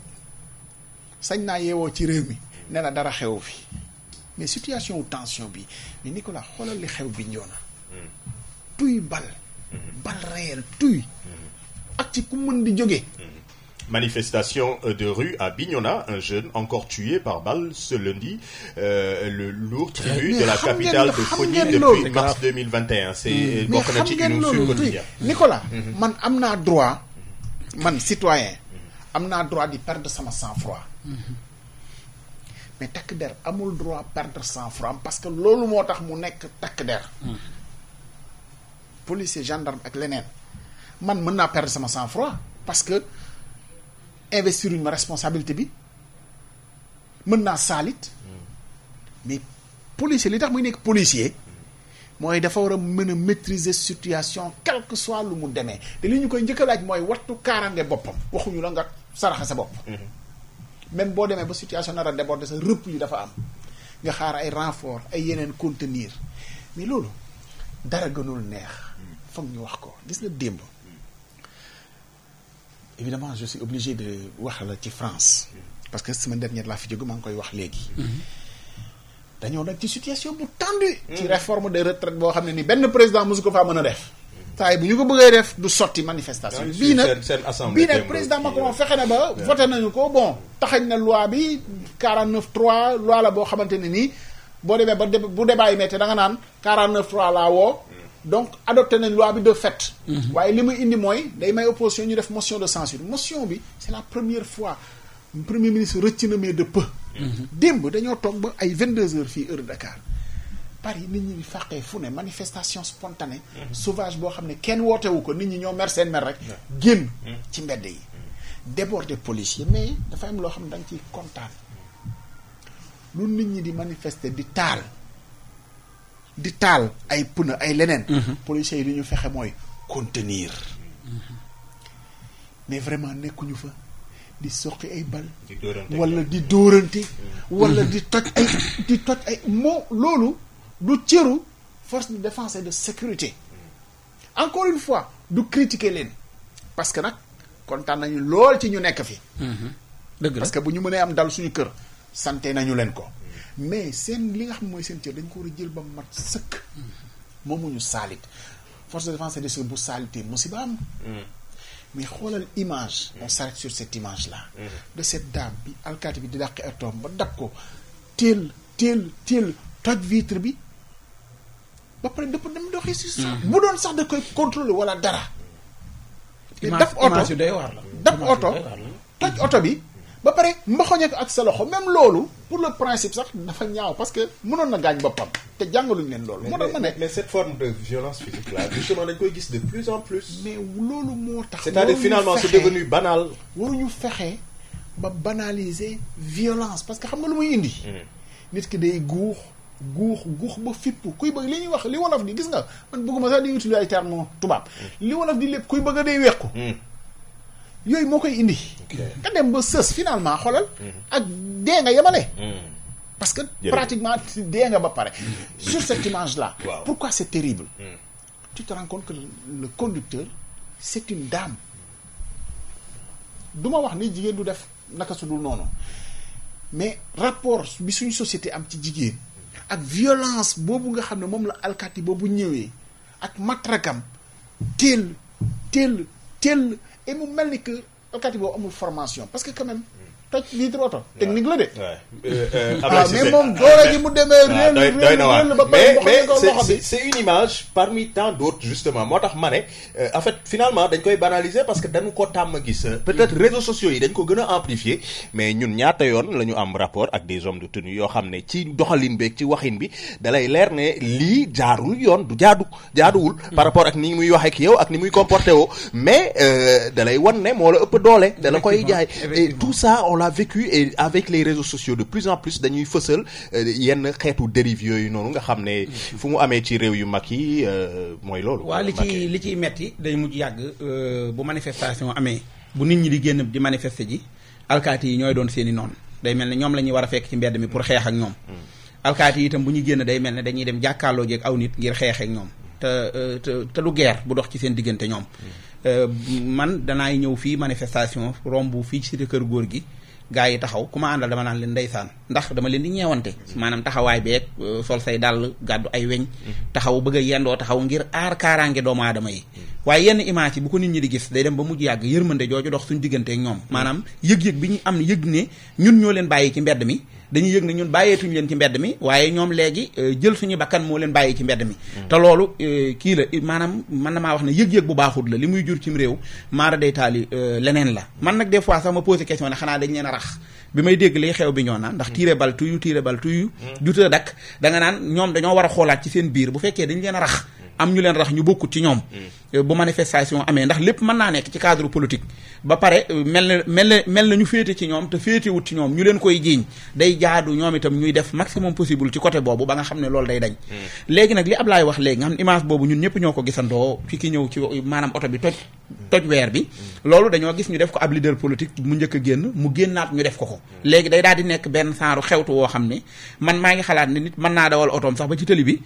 sañ naa yeewoo ci réew mi ne dara xew fi mais situation wu tension bi mais Nicolas xoolal li xew bi njoona tuy bal bal réel tuy ak ci ku mën di joge Manifestation de rue à Bignona, un jeune encore tué par balle ce lundi, euh, le lourd tribut de la capitale de Fogny depuis mars 2021. C'est euh, bokk na Nicolas, mm-hmm. Mm-hmm. man am naa droit man citoyen am naa droit di perdre sama sang-froid. Mm-hmm. mais takk der amul droit perdre cent francs parce que loolu moo tax mu nekk takk der hmm. policier gendarme ak leneen man mën naa perdre sama cent francs parce que investir uñu ma responsabilité bi mën naa saalit hmm. mais policier li tax muy nekk policier mooy dafa war a mën a maîtriser situation quelque que soit lu mu demee te li ñu koy njëkk a mooy wattu kaaraange boppam waxuñu la nga saraxa sa bopp hmm. même boo demee ba situation nar a déborder sa rëpp yi dafa am nga xaar ay renfort ay yeneen contenir mais loolu dara gënul neex foog ñu wax ko gis nga démb évidemment je suis obligé de wax la ci France parce que semaine dernière laa fi jóge maa ngi koy wax léegi dañoo nag ci situation bu tendue ci mm. réforme des retraites boo xam ne ni benn président mosu ko faa mën a def saa bu ñu ko bëggee def du sotti manifestation bii nag bii nag président Macron euh, fexe na ba voté nañu ko bon taxañ na loi bi 49 3 loi la boo xamante ne nii boo demee ba bu débat yi metti da nga naan 49 3 laa woo mm. donc adopté nañ loi bi de fait mm-hmm. waaye li muy indi mooy day may opposition ñu def motion de censure motion bi c'est la première fois premier ministre rëcc na mais de peu mm-hmm. démb dañoo toog ba ay 22 heures fii heure Dakar yi nit ñi fàqee fu ne manifestation spontanée mhm. sauvage boo xam ne kenn wootewu ko nit ñi ñoo mer seen mer rek génn mhm. ci mbedd yi mhm. déborder policier mais dafa am loo xam ne da nga ciy kontaan lu nit ñi di manifester di taal di taal ay pneu ay leneen policiers yi li ñu fexe mooy contenir mais vraiment nekkuñu fa di soqi ay bal wala di dóorante wala di toj ay di toj ay moo loolu du cëru force de défense et de sécurité encore une fois du critiquer leen parce que nag kontaan nañu lool ci ñu nekk fi. Mhm. dëgg parce que bu ñu mënee am dal suñu kër sante nañu leen ko mhm. mais seen li nga xam mooy seen cër dañ ko war a jël ba mat sëkk mhm. moomuñu saalit force de défense et de sécurité bu saalitee musiba am. mais xoolal image. on s'arrête sur cette image là. de cette dame bi alkaati bi di dàq atom ba dab ko teel teel téll toj vitre bi. ba pare dafa dem doxee si sax mhm. bu doon sax da koy contrôler wala dara daf oto day waar la oto toj oto bi ba pare mbaxoñe ko ak sa loxo même loolu pour le principe sax dafa ñaaw parce que mënoon na gaañ boppam te jàngaluñ leen loolu moo tax ne mais cette forme de violence gis de plus en plus mais loolu moo tax c'est-à-dire finalement c'est devenu banal waruñu fexe ba banaliser violence parce que xam nga lu muy indi hmm. nit ki day guux guux guux ba fippu kuy bëgg li ñuy wax li wolof di gis nga man bëgguma sax di utiliser ay terme tubaab hmm. li wolof di lépp kuy bëgg a dee wequ hmm. yooyu moo koy indi nga dem ba sës finalement xoolal hmm. ak dee nga yemale parce que pratiquement dee nga ba pare sur cette image là pourquoi c'est terrible tu te rends compte que le conducteur c'est une dame duma wax ni jigéen du def naka su dul noonu mais rapport bi suñu société am ci jigéen ak violence boobu nga xam ne moom la alkaati boobu ñëwee ak matrakam teel teel teel et mu mel ni que alkaati boobu amul formation parce que quand toj litre oto technique la de. waaw mais euh, euh, ah, moom doole ji mu demee. Ah, réel réel réel ba pare mais mais c'est une image parmi tant d'autres justement moo tax ma ne euh, en fait finalement dañ koy banaliser parce que dañu ko tàmm gis. peut-être réseaux sociaux yi dañ ko gën a amplifier mais ñun ñaata yoon la ñu am rapport ak des hommes de tenue yoo xam ne ci doxalin beeg ci waxin bi dalay leer ne lii jaarul yoon du jaadu jaaduwul. par rapport ak ni muy waxee ki yow ak ni muy comporté woo mais dalay wan ne moo l'a avec les réseaux sociaux de plus en plus dañuy fësal euh, yenn xeetu dérive yooyu noonu nga xam ne fu mu amee ci réew yu mag yi euh, mooy loolu waaw li ci ciy metti day mujj yàgg euh, bu manifestation amee bu nit ñi di génn di manifester ji alkaati yi ñooy doon seen i noonu day mel ne ñoom la ñuy war a fekk ci mbedd mi pour xeex ak ñoom hmm. alkaati yi itam bu ñu génn day mel ne dañuy dem jàkkaarloo jeeg aw nit ngir xeex ak ñoom te te te lu bu dox ci seen diggante ñoom hmm. man danaay ñëw fii manifestation romb fii ci kër góor gi gaa yi taxaw ku ma àndal dama naan leen ndeysaan ndax dama leen di ñeewante maanaam taxawaay beeg euh, sol say dàll gàddu ay weñ taxaw bëgg a yendoo taxaw ngir aar kaaraange doomu aadama yi waaye yenn image yi bu ko nit ñi di gis day dem ba mujj yàgg yërmande jooju dox suñu diggante ak ñoom maanaam yëg-yëg bi ñu am yëg ne ñun ñoo leen bàyyi ci mbedd mi dañu yëg ne ñun bàyyeetuñu leen ci mbedd mi waaye ñoom léegi euh, jël suñu bakkan moo leen bàyyi ci mbedd mi hmm. te loolu euh, kii la maanaam man na maa wax ne yëg-yëg bu baaxut la li muy jur cim réew maa day taali euh, leneen la man nag des fois sax ma posé question ne xanaa dañ leen a rax bi may dégg lay xew bi ñoo naan ndax hmm. tiire bal tuyu tiire bal tuyu juta dakk da naan ñoom dañoo war a xoolaat ci seen biir bu fekkee dañ leen a rax am ñu leen rax ñu bokkut ci ñoom mm. euh, bu manifestation amee ndax lépp mën naa nekk ci cadre politique ba pare euh, mel na mel na mel na ñu féete ci ñoom te féetewut ci ñoom ñu leen koy jiiñ day jaadu ñoom itam ñuy def maximum possible ci côté boobu ba nga xam ne loolu day dañ mm. léegi nag li Ablaye wax léegi nga xam ne image boobu ñun ñëpp ñoo ko gisandoo fi ki ñëw ci maanaam oto bi toj toj weer bi mm. loolu dañoo gis ñu def ko ab leader politique mu njëkk génn mu génnaat ñu def ko ko léegi day daal di nekk benn saaru xewtu woo xam ne man maa ngi xalaat ne nit mën naa dawal otoom sax ba ci tëli bi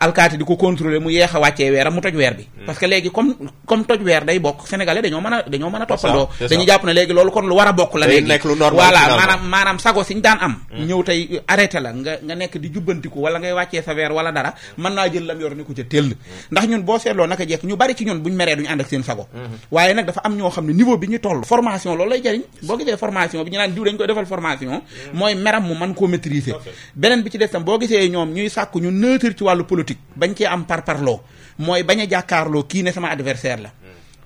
alkaati di ko contrôler mu yeex a weeram mu toj weer bi hmm. parce que léegi comme toj weer day bokk sénégalais dañoo mën a toppandoo dañu jàpp ne léegi loolu kon lu war a bokk la léegi voilà maanaam hmm. hmm. naa jël lam yor ni ko ca tëll ndax ñun boo seetloo naka jekk ñu bari ci ñun buñ meree duñu ànd ak seen sago waaye nag dafa am ñoo xam ne niveau bi ñu toll formation loolu lay jariñ boo gisee formation bi ñu naan diw dañ koy defal formation mooy meram politique bañ cee am parparloo mooy bañ a jàkkaarloo kii ne sama adversaire la.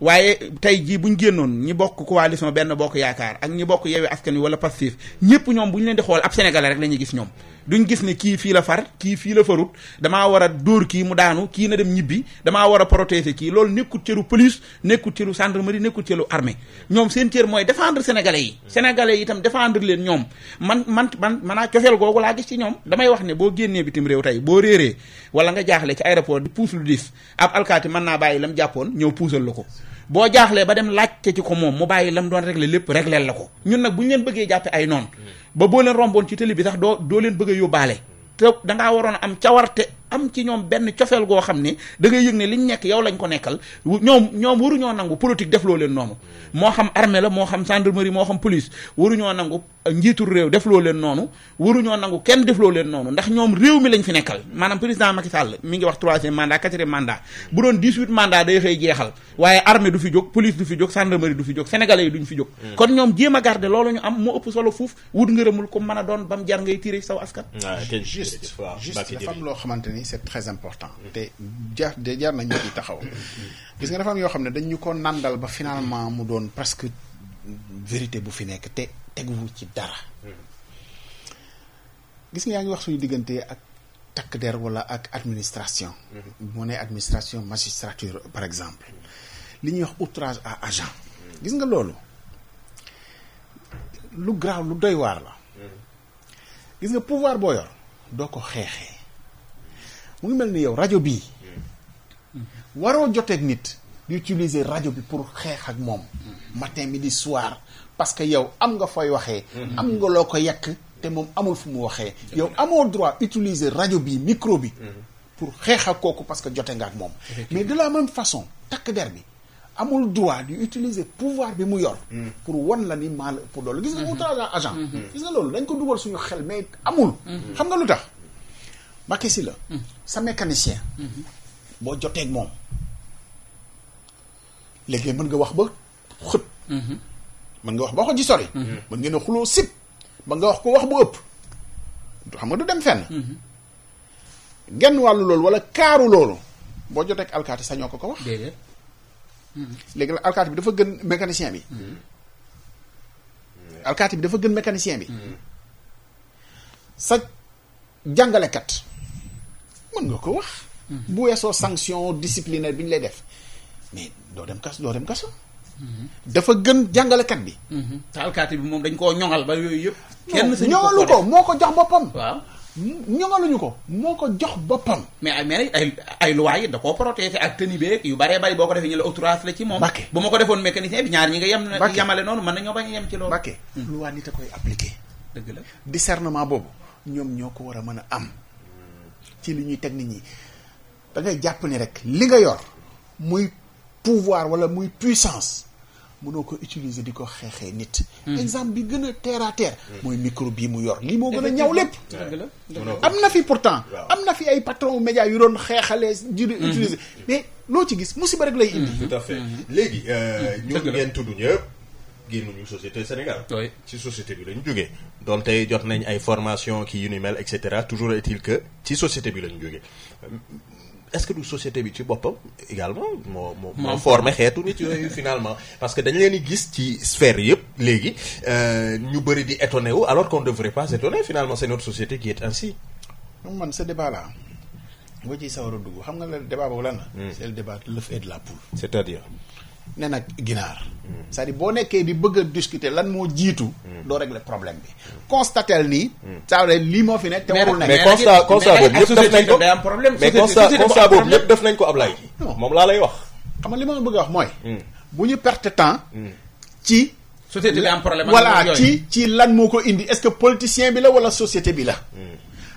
waaye tey jii buñ génnoon ñi bokk coalition benn bokk yaakaar ak ñi bokk yeewi askan wi wala passif ñëpp ñoom bu ñu leen di xool ab Sénégalais rek la ñuy gis ñoom. duñ gis ne kii fii la far kii fii la farut damaa war a dóor kii mu daanu kii na dem ñibbi damaa war a protéger kii loolu nekkut cëru police nekkut cëru gendarmerie nekkut cëru armée ñoom seen cër mooy défendre sénégalais yi sénégalais yi itam défendre leen ñoom man man man manaa cofeel googu laa gis ci ñoom damay wax ne boo génnee bitim réew tey boo réeree wala nga jaaxle ci aéroport di puus lu dis ab alkaati mën naa bàyyi la mu jàppoon ñëw puusal la ko boo jaaxlee ba dem laajte ci ko moom mu bàyyi lam doon régler lépp régleel la ko ñun nag bu leen bëggee jàppe ay noonu hmm. ba boo leen romboon ci télé bi sax doo doo leen bëgg a yóbbaale te dangaa waroon a am cawarte am ci ñoom benn cofeel goo xam ne da ngay yëg ne liñ nekk yow lañ ko nekkal ñoom ñoom waruñoo nangu politique def loo leen noonu moo xam armée la moo xam gendarmerie moo xam police waruñoo nangu euh, njiitul réew def loo leen noonu waruñoo nangu kenn def loo leen noonu ndax ñoom réew mi lañ fi nekkal maanaam président Macky Sall mi ngi wax troisième mandat quatrième mandat bu doon dix-huit mandat day xëy jeexal waaye armée du fi jóg police du fi jóg gendarmerie hmm. ñoom jéem a garder loolu ñu am moo ëpp solo fuuf wut ngërëmul ku mën a doon ba mu jar ngay loo xamante ni ni c'est très important te jar de jar nañu ci taxaw gis nga dafa yoo xam ne dañ ñu ko nàndal ba finalement mu doon presque vérité bu fi nekk te teguwu ci dara gis nga yaa ngi wax suñu diggante ak takk der wala ak administration moo mm-hmm. ne administration magistrature par exemple li ñuy wax outrage à agent gis nga loolu lu grave lu doy waar la mm-hmm. gis nga pouvoir boo yor doo ko xeexee mu ngi mel ni yow rajo bii waroo joteek nit di utiliser rajo bi pour xeex ak moom matin mi di soir parce que yow am nga fooy waxee am nga loo ko yàq te moom amul fu mu waxee yow amoo droit utiliser rajo bii micro bi pour xeex ak kooku parce que jote nga ak moom mais de la même façon takk der bi amul droit di utiliser pouvoir bi mu yor pour wan la ni mal pour loolu gis nga outrage à agent mm-hmm. gis nga loolu dañ ko dugal suñu xel mais amul mm-hmm. xam nga lu tax Mbacké Sylla la hmm. sa mécanicien hmm. boo jotee ak moom léegi mën nga wax ba xët hmm. mën nga wax ba xoj ji sori mën ngeen xuloo sib ba nga wax ko wax bu ëpp xam nga du dem fenn genn wàllu loolu wala kaaru loolu boo jotee ak alkaati sañoo ko ko wax léegi la alkaati bi dafa gën mécanicien bi alkaati bi dafa gën mécanicien bi sa jàngalekat mën nga ko wax. Mhm. bu weesoo sanction disciplinaire bi ñu lay def mais doo dem kas doo dem kaso. Mhm. dafa gën jàngalekat bi. Mhm. te alkaati bi moom dañ koo ñoŋal ba yooyu yëpp. kenn sañu ñoŋalu ko moo ko jox boppam. waaw ñoŋaluñu ko moo ko jox boppam. mais ay mais ay ay lois yi da koo protéger ak tenue beeg yu baree bari boo ko defee ñu la outrage la ci moom. bakke bu ma ko defoon mécanicien bi ñaar ñi nga yem. bakke yemale noonu mën nañoo bañ a yem ci loolu. bakke hmm. loi nit a koy appliquer. dëgg la discernement boobu ñoom ñoo ko war a mën a am. ci li ñuy teg nit ñi da ngay jàpp ni rek li nga yor muy pouvoir wala muy puissance mënoo ko utiliser di ko xeexee nit. Hmm. exemple bi gën a terre à terre. Hmm. mooy micro bii mu yor lii moo gën a ñaw lépp. am na fi pourtant. am na fi ay patron média yu doon xeexalee. di hmm. utiliser mais loo ci gis musiba rek lay indi. léegi. Euh, ñu ngeen tudd ñëpp. génnuñu société Sénégal. oui ci société bi lañ jógee. doon tey jot nañ ay formation kii yu ni mel et cetera toujours est-il que ci société bi lañ jógee euh, est-ce que du société bi ci boppam également moo moo. moo formé xeetu nit yooyu finalement. parce que dañ leen di gis ci sphère yëpp léegi euh, ñu bëri di étonné wu alors qu'on ne devrait pas s'étonner finalement c'est notre société qui est ainsi. donc man ce débat là. boo ciy sawar a dugg xam nga la débat boobu lan la. Hmm. c'est le débat de et ne nag ginaar cest à boo nekkee di bëgg a discuter lan moo jiitu hmm. doo régler problème bi constatel nii hmm. ça veut dire lii moo fi nekk te warul nekk mais constat constat boobu yëpp def nañ ko mais constat boobu yëpp def nañ ko moom laa lay wax xam nga li ma bëgg a wax mooy hmm. bu ñu perte temps ci société bi am problème ci ci lan moo ko indi est-ce que politicien bi la wala société bi la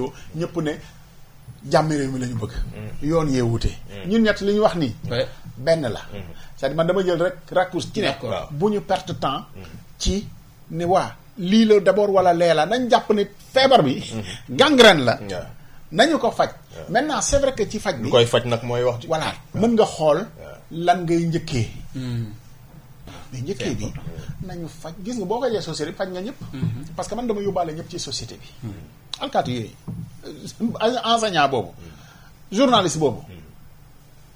xëccoo ñëpp ne jàmmi réew mi lañu ñu bëgg. Mm. yoon yee wute. Mm. ñun ñett li ñu wax nii. benn la. Mm. cest man dama jël rek raccourci ci ne. bu ñu perte temps. ci ne waa lii la d'abord wala leela nañ jàpp nit feebar bi. gangrène la. nañu ko faj. maintenant c'est vrai que ci faj bi. lu koy faj nag mooy wax. voilà mën nga xool lan ngay njëkkee. mais njëkkee bi nañu faj gis nga boo ko jee société bi faj nga ñëpp mm-hmm. parce que man dama yóbbaale ñëpp ci société bi mm-hmm. alkaati yooyu euh, enseignant boobu mm-hmm. journaliste boobu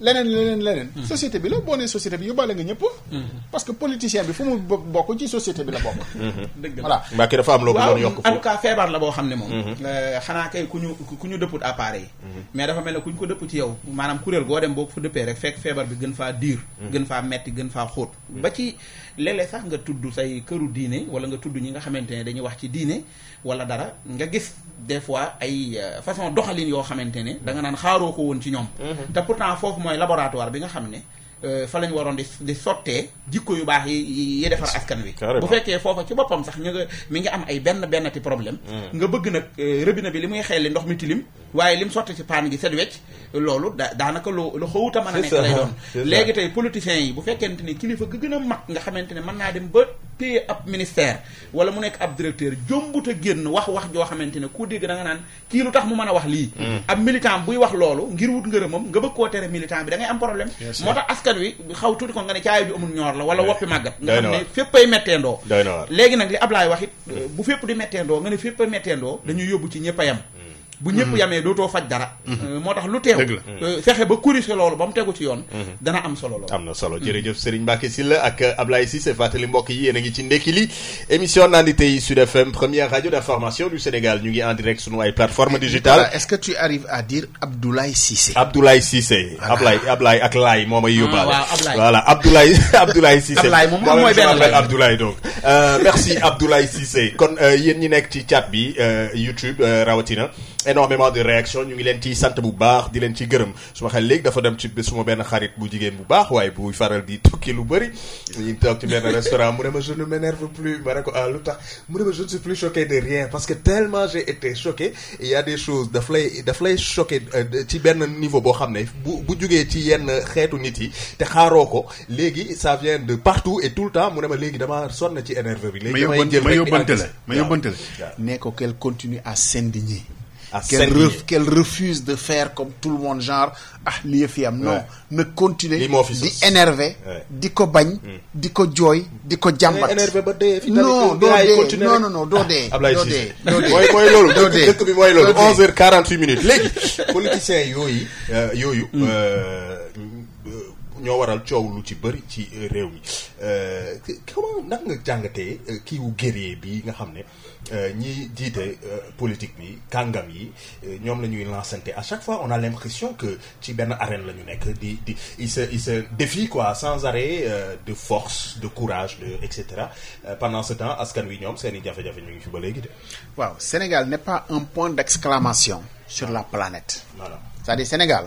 leneen leneen leneen. Hmm. société bi la boo nee société bi yóbbaale nga ñëpp. Hmm. parce que politicien bi fu mu bokk ci société bi la bokk. Hmm. dëgg la voilà mbaa ki dafa am loo doon yokk foofu en tout feebar la boo xam ne moom. Euh, xanaa kay ku ñu ku ñu dëpput appareil yi. mais dafa mel ne ku ñu ko dëpp ci yow maanaam kuréel goo dem boo ko fa dëppee rek fekk feebar bi gën faa diir. gën faa metti gën faa xóot ba ci. léeg sax nga tudd say këru diine wala nga tudd ñi nga xamante ne dañuy wax ci diine wala dara nga gis des fois ay euh, façon doxalin yoo xamante ne da nga naan xaaroo ko woon ci ñoom mm-hmm. te pourtant foofu mooy laboratoire bi nga xam ne Euh, fa la ñu waroon di di sottee jikko yu baax yi yi defar askan wi bu fekkee foofa ci boppam sax ñu nga mi ngi am ay benn benn ti problème mm. nga bëgg nag euh, robinet bi li muy xel li ndox mi tilim waaye lim sotti si paan gi set wecc loolu da daanaka lu lu xow a mën a nekk lay doon léegi tey politiciens yi bu fekkente ni kilifa ga gën a mag nga xamante ne mën naa dem bët téye ab ministère wala mu nekk ab directeur jombut a génn wax wax joo xamante ne ku dégg da nga naan kii lu tax mu mën a wax lii mm. ab militant buy wax loolu ngir wut ngërëmam nga bëgg koo tere militant bi da am problème moo tax askan wi xaw tuuti ko nga ne caayo ju amul ñoor la wala woppi màggat nga xam ne fépp ay metteendoo léegi nag li Ablaye wax it mm. bu fépp di metteendoo nga ne fépp ay metteendoo dañuy yóbbu ci ñëpp yam mm. bu ñëpp mm-hmm. yamee dootoo faj dara. Mm-hmm. Euh, moo tax lu teew. Euh, fexe ba corriger loolu ba mu tegu ci yoon. Mm-hmm. dana am solo loolu. am na solo jërëjëf sëriñ Mbacke Sylla ak Ablaye Cissé fàttali mbokk yi yéen a ngi ci ndekki li émission naan tey Sud FM première Sénégal ñu ngi en direct sunu ay plateforme digitale est-ce que tu arrives à dire Abdoulaye Cissé. Abdoulaye Cissé. Ablaye Ablaye ak Laye moo may ah, yóbbaale. voilà Abdoulaye Abdoulaye Cissé. Ablaye moom moom mooy benn la Abdoulaye donc. Euh, merci Abdoulaye Cissé kon yéen ñi nekk ci chat bi YouTube rawatina. énormément de réaction ñu ngi leen ciy sant bu baax di leen ci gërëm su ma xel léegi dafa dem ci suma benn xarit bu jigéen bu baax waaye buy faral di tukki lu bëri ñu toog ci benn restaurant mu ne ma ah, lu tax mu ne ma je ne plus choqué de rien parce que tellement j'ai été choqué il y a des choses daf lay daf lay choqué euh, ci benn niveau boo xam ne bu bu jugee ci yenn xeetu nit yi te xaaroo ko léegi sa vient de partout et tout le temps mu ne ma léegi damaa sonn ci énerve bi léegi damay jël ma yóbbante la ma yóbbante la nee qu'elle ref, refuse de faire comme tout le monde genre ah li yëf yi am non na continuer di énervé di ko bañ hmm. di ko jooy di ko jàmbat non doo dee non non non doo dee doo dee mooy loolu doo dee dëkk bi mooy loolu onze léegi politiciens yooyu euh, yooyu hmm. euh, ñoo waral coow lu ci bëri ci euh, réew mi euh, comment ndax nga jàngatee euh, kii wu guerrier bi nga xam ne ñi jiite politique bi kàngam yi ñoom la ñuy lancante à chaque fois on a l'impression que ci benn arène la ñu nekk di di il se il se défie quoi sans arrêt de force de courage de et cetera pendant ce temps askan wi ñoom seen i jafe-jafe ñu ngi fi ba léegi de. waaw Sénégal n'est pas un point d'exclamation sur la planète. voilà cest à Sénégal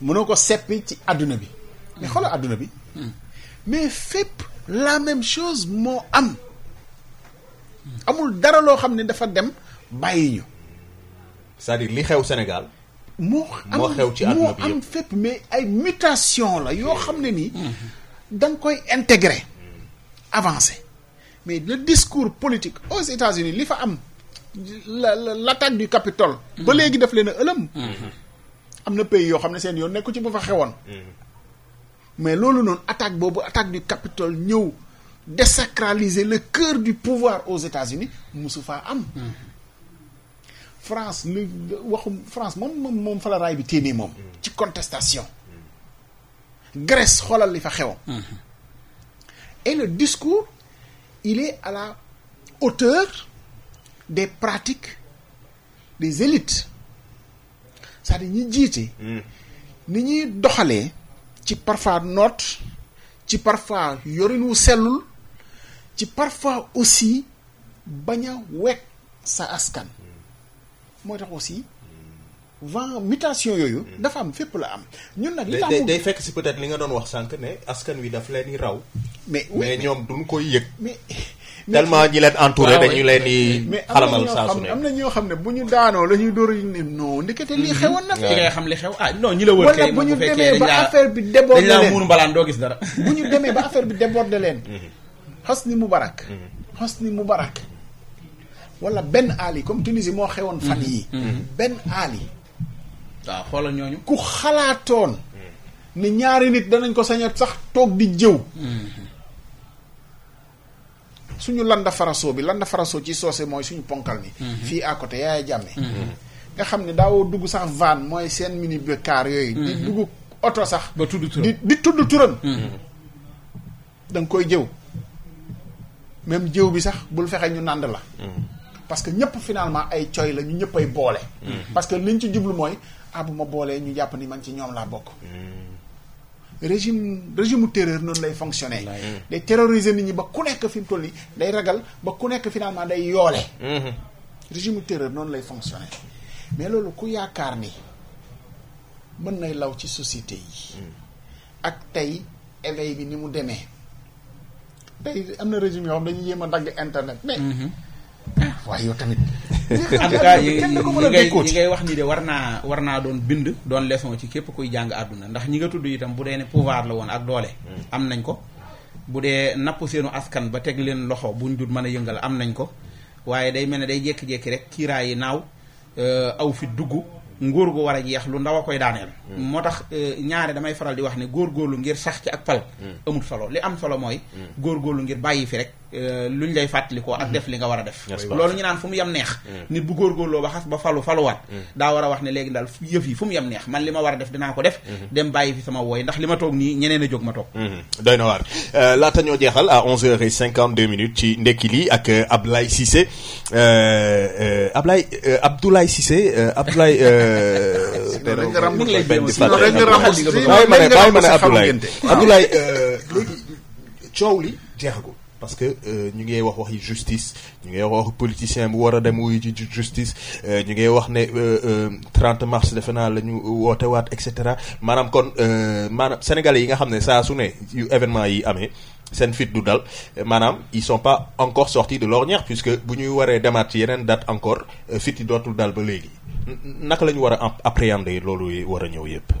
mënoo ko seppi ci àdduna bi. mais xoolal bi. mais fépp la même chose moo am. amul dara loo xam ne dafa dem bàyyi ñu. cest à li xew Sénégal. moo am xew ci àdduna bi fépp mais ay mutation la yoo xam ne nii. Hmm. da nga koy intégrer avancer mais le discours politique aux États-Unis li fa am la la l'attaque du Capitole. ba hmm. léegi daf leen a ëlëm. Hmm. am na pays yoo xam ne seen yoon nekku ci bu fa xewoon. mais loolu noonu attaque boobu attaque du Capitole ñëw désacraliser le cœur du pouvoir aux États-Unis musu faa am. Mm-hmm. France lu France moom moom fa la raay bi téenee moom. Mm-hmm. ci contestation. Grèce xoolal li fa xewam. Mm-hmm. et le discours il est à la hauteur des pratiques des élites c'est-à-dire ñi jiite. ni ñuy doxalee. ci parfois noot ci parfois yorin wu sellul ci parfois aussi bañ a wekk sa askan moo tax aussi vent mutation yooyu hmm. dafa am fépp la am ñun nag li am day fekk si peut-être li nga doon wax sànq ne askan wi daf leen di raw mais mais ñoom duñ koy yëg mais tellement ñi leen entouré dañu leen di. xalamal am na ñoo xam ne bu ñu daanoo lañuy door a ne non ndekete lii mhm. xewoon na. ci ngay xam li xew ah non ñi la wër kay bu ñu demee ba affaire bi déborde leen dañ laa muur mbalaan doo gis dara. bu ñu demee ba affaire bi déborde leen. Hosni Moubarak. Mhm. Hosni Moubarak. wala benn Ali comme Tunisie moo xewoon fan mhm. yii. Ben Ali. waaw xoolal ñooñu. ku xalaatoon. ne ñaari nit danañ ko sañat sax toog di jëw. suñu landa faraso bi landa faraso ci soose mooy suñu ponkal mi mhm. fii à côté yaaya jàmme mhm. nga xam ne daawoo dugg sax van mooy seen mini car yooyu di mhm. dugg oto sax ba tudd turam di tudd turam da nga koy jëw même jëw bi sax bul fexe ñu nànd la parce que ñëpp finalement ay coy la ñu ñëpp ay boole parce que liñ ci jublu mooy ah bu ma boolee ñu jàpp ni man ci ñoom laa bokk régime régime mu noonu lay fonctionner mm. day terroriser nit ñi ba ku nekk fi mu toll nii day ragal ba ku nekk finalement day yoole mm-hmm. régime mu noonu lay fonctionner mais loolu ku yaakaar ni mën nay law ci société yi mm. ak tey éveil bi ni mu demee tey am na régime yoo xam dañuy yéem a dagg internet mais mm-hmm. waaye yow tamit. en yi ngay wax ni de war naa war naa doon bind doon leçon ci képp kuy jàng àdduna ndax ñi nga tudd itam bu dee ne pouvoir la woon ak doole. Hmm. am nañ ko bu dee napp seenu askan ba teg leen loxo bu dut mën a yëngal am nañ ko waaye day mel ne day jékki-jékki rek kiiraay yi naaw euh, aw fi dugg nguur gu war a jeex lu ndaw a koy daaneel. Hmm. moo tax euh, ñaare damay faral di wax ne góorgóorlu ngir sax ci ak pal. Hmm. amul solo li am solo mooy. góorgóorlu ngir bàyyi fi rek. Euh, lu ñu lay fàttalikoo ak mm-hmm. def li nga war a def loolu ñu naan fu mu yem neex mm. nit bu góorgóorloo ba xas ba falu faluwaat mm. daa war a wax ne léegi daal yëf yi fu mu yem neex man li ma war a def dinaa ko def mm-hmm. dem bàyyi fi sama wooy ndax li ma toog nii ñeneen a jóg ma toog mm-hmm. doy na waar euh, laata ñoo jeexal à onze heures et cinquante deux minutes ci ndekki lii ak euh, Ablaye Cissé Ablaye Abdoulaye Cissé Abdoulaye bàyyi ma ne Abdoulaye Abdoulaye coow li jeexagul parce que euh, ñu ngi wax waxi justice ñu ngi wax politicien bu war a dem wuyu ci justice euh, ñu ngi wax ne 30 euh, mars defe naa la ñu woote waat et cetera maanaam kon maanaam sénégalais yi nga xam ne saa su ne yu événement yi amee seen fit du dal maanaam ils sont pas encore sortis de l'ornière puisque bu ñuy waree demaat ci yeneen date encore fit yi dootul dal ba léegi naka la ñu war a appréhender loolu war a ñëw yëpp.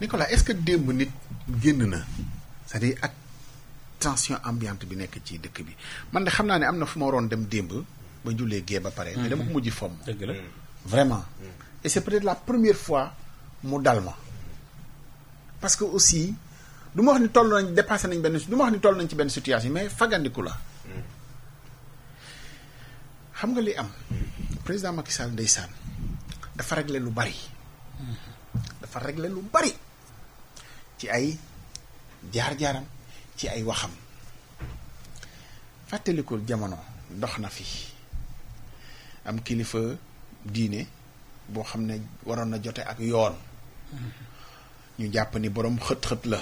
Nicolas est-ce na tension ambiante bi nekk ci dëkk bi man de xam naa ne am na fu ma waroon dem démb ba jullee gée ba pare. mais dama ko mhm. mujj fomm. dëgg la vraiment. Mhm. et c'est peut-être la première fois mu dal ma parce que aussi du ma wax ni toll nañ dépassé nañ benn du ma wax ni toll nañ ci benn situation mais fagandiku la. Mhm. xam nga li am président Macky Sall ndeysaan dafa réglé lu bari. dafa réglé lu bari ci ay jaar-jaaram. ci ay waxam fàttalikul jamono ndox na fi am kilifa diine boo xam ne waroon na jote ak yoon ñu jàpp ni boroom xët-xët la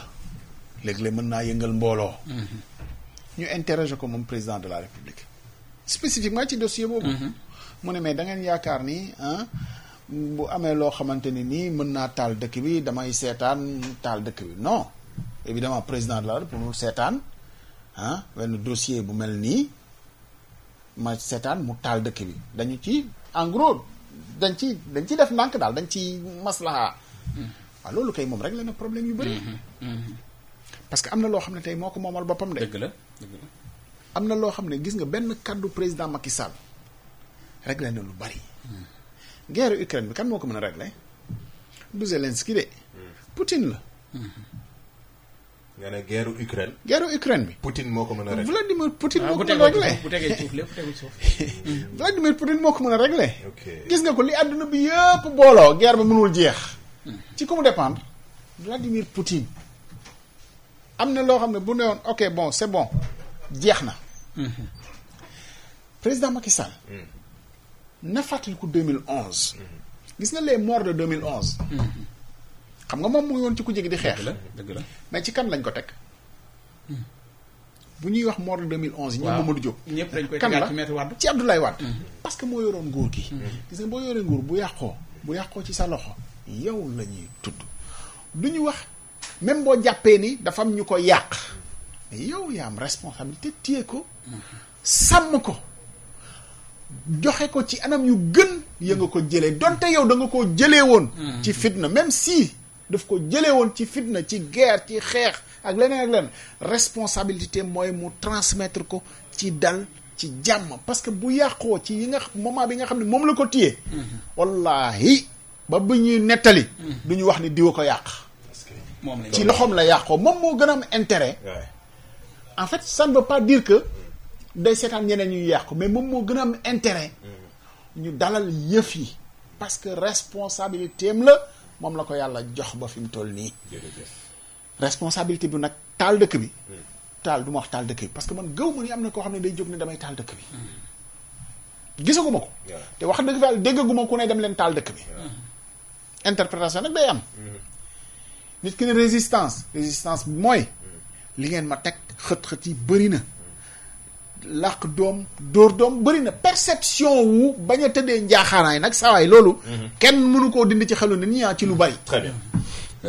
léegi la mën naa yëngal mbooloo ñu interroger ko moom président de la république spécifiquement ci dossier boobu mhm. mu ne mais da ngeen yaakaar ni bu amee loo xamante ni nii mën naa taal dëkk bi damay seetaan taal dëkk bi non évidemment président de la République mënul seetaan ah benn dossier bu mel nii ma seetaan mu taal dëkk bi dañu ci en dañ ci dañ ci def ndànk daal dañ ci maslaha waaw loolu kay moom rek la na problème yu bëri mm-hmm. mm-hmm. parce que am na loo xam ne tey moo ko moomal boppam de. la dëgg am na loo xam ne gis nga benn kàddu président Macky Sall réglé na lu bari. Mm-hmm. guerre Ukraine bi kan moo ko mën a réglé du Zelensky de Poutine la. nga ne guerre Ukraine. guerre Ukraine bi. Poutine moo ko mën a régler Vladimir Poutine ah, moo ko mën a régler bu tegee suuf lépp tegu suuf. Vladimir gis nga ko li àdduna bi yëpp booloo guerre bi mënul jeex. ci ku mu dépendre Vladimir Poutine am na loo xam ne bu ne woon ok bon c'est bon jeex na. président Macky Sall. Hmm. na fàttaliku 2011. gis na les morts de 2011. xam nga moom mu ngi woon ci ku jéggi di xeex. dëgg la mais ci kan lañ ko teg. Hmm. bu ñuy wax mort de 2011. waaw ñoom Mamadou Diop. ñëpp dañ koy tegaat ci Maître Wade ci Abdoulaye Wade. Hmm. parce que moo yoroon nguur gi. Hmm. gis nga boo yoree nguur bu yàqoo. bu yàqoo ci sa loxo. yow la ñuy tudd du ñu wax même boo jàppee ni dafa am ñu ko yàq yow yaa am responsabilité téye ko sàmm ko joxe ko ci anam yu gën yënga ko jëlee donte yow da nga koo jëlee woon. ci fitna même si. daf ko jëlee woon ci fitna ci guerre ci xeex ak leneen ak leneen responsabilité mooy mu transmettre ko ci dal ci jàmm parce que bu yàqoo ci yi nga moment bi nga xam ne moom la ko téye. Mm-hmm. wallaahi ba bu ñuy nettali. Mm-hmm. du ñu wax ni diwa ko yàq. ci loxoom la yàqoo moom moo gën a am intérêt. en fait ça ne veut que day seetaan ñeneen ñuy yàqu mais moom moo gën a am mm-hmm. ñu dalal yëf yi parce que responsabilité la. moom la ko yàlla jox ba fi mu toll nii. responsabilité bi nag taal dëkk bi. Hmm. taal du wax taal dëkk bi parce que man gëw ma ni am na koo xam ne day jóg ne damay taal dëkk bi. Hmm. gisaguma ko. te wax dëgg fa yàlla déggaguma ko ne dem leen taal dëkk bi. interprétation nag day am. Hmm. nit ki ne résistance. résistance mooy. li ngeen ma teg xët-xët yi bëri na. làq doom dóor doom bëri na perception wu bañ a tëddee njaaxaanaay nag sawaay loolu mhm. kenn mënu koo dindi ci xelu nit ñi ah, ci lu bari très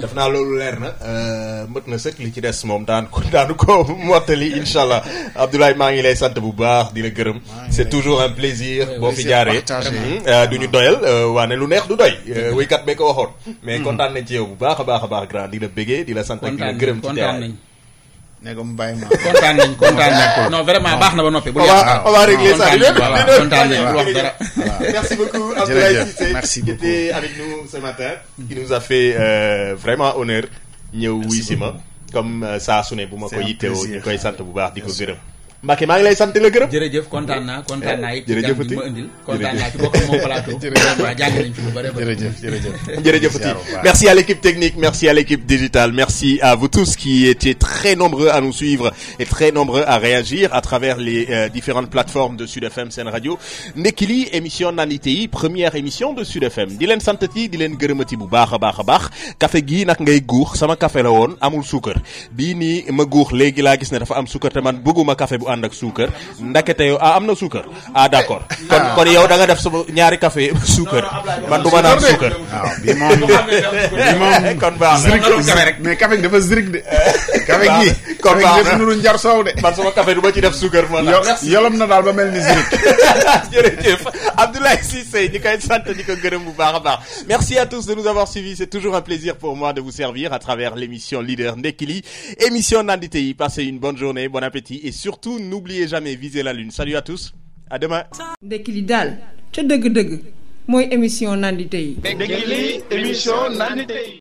def naa loolu leer na euh, mët na sëkk li ci des moom daan ko daanu ko mottali incha allah Abdoulaye maa ngi lay sant bu baax di la gërëm c'est toujours un plaisir boo fi jaaree mhm. euh, du ñu doyal euh, waane lu neex du doy wéykat bee ko waxoon mais mhm. kontaan nañ ci yow bu baax a baax a baax grand di la bëggee di la sant ak di la gërëm ne ko mu bàyyi ma kontaan nañ kontaan nañ non vraiment baax na ba noppi. bu yàgg waaw on va régler ça voilà kontaan nañ wax dara. merci beaucoup Abdoulaye Cissé merci beaucoup qui était avec nous ce matin. qui nous a fait euh, vraiment honneur. ñëw wuy si ma comme saa su ne bu ma ko yittewoo ñu koy sant bu baax di ko gërëm. Mbacke maa ngi lay sant la gërëm. jërëjëf kontaan naa kontaan naa indil kontaan naa ci bokkam moom plateau. jërëjëf waaw jàng nañ merci à l'équipe technique merci à l'équipe digitale merci à vous tous qui étiez très nombreux à nous suivre et très nombreux à réagir à travers les euh, différentes plateformes de Sud FM Sen Radio ndekki lii émission naan iteyi première émission de Sud FM di leen santati di leen gërëmati bu baax a baax a baax café gii nag ngay guux sama café la woon amul suukar bi ni ma guux léegi laa gis ne dafa am suukar te man bëgguma café bu bu ànd ak suukar ndakete yow a ah, am na suukar ah d'accord kon kon yow da nga def sama ñaari café suukar man du ma naan suukar. waaw ah, bi moom bi moom. kon baax na rek mais café dafa zirik de. café gi kon baax na nuru njar soow de. man sama café du ma ci def suukar ma naan. yolom na daal ba mel ni zirik. jërëjëf Abdoulaye Cissé ñi koy sant ñi ko gërëm bu baax a baax merci à tous de nous avoir suivis c'est toujours un plaisir pour moi de vous servir à travers l'émission Leader Ndekili émission nandite surtout n'oubliez jamais viser la lune salut à tous à demain. ndekki li daal ca dëgg-dëgg mooy émission nandite yi. ndekki li émission nandite yi.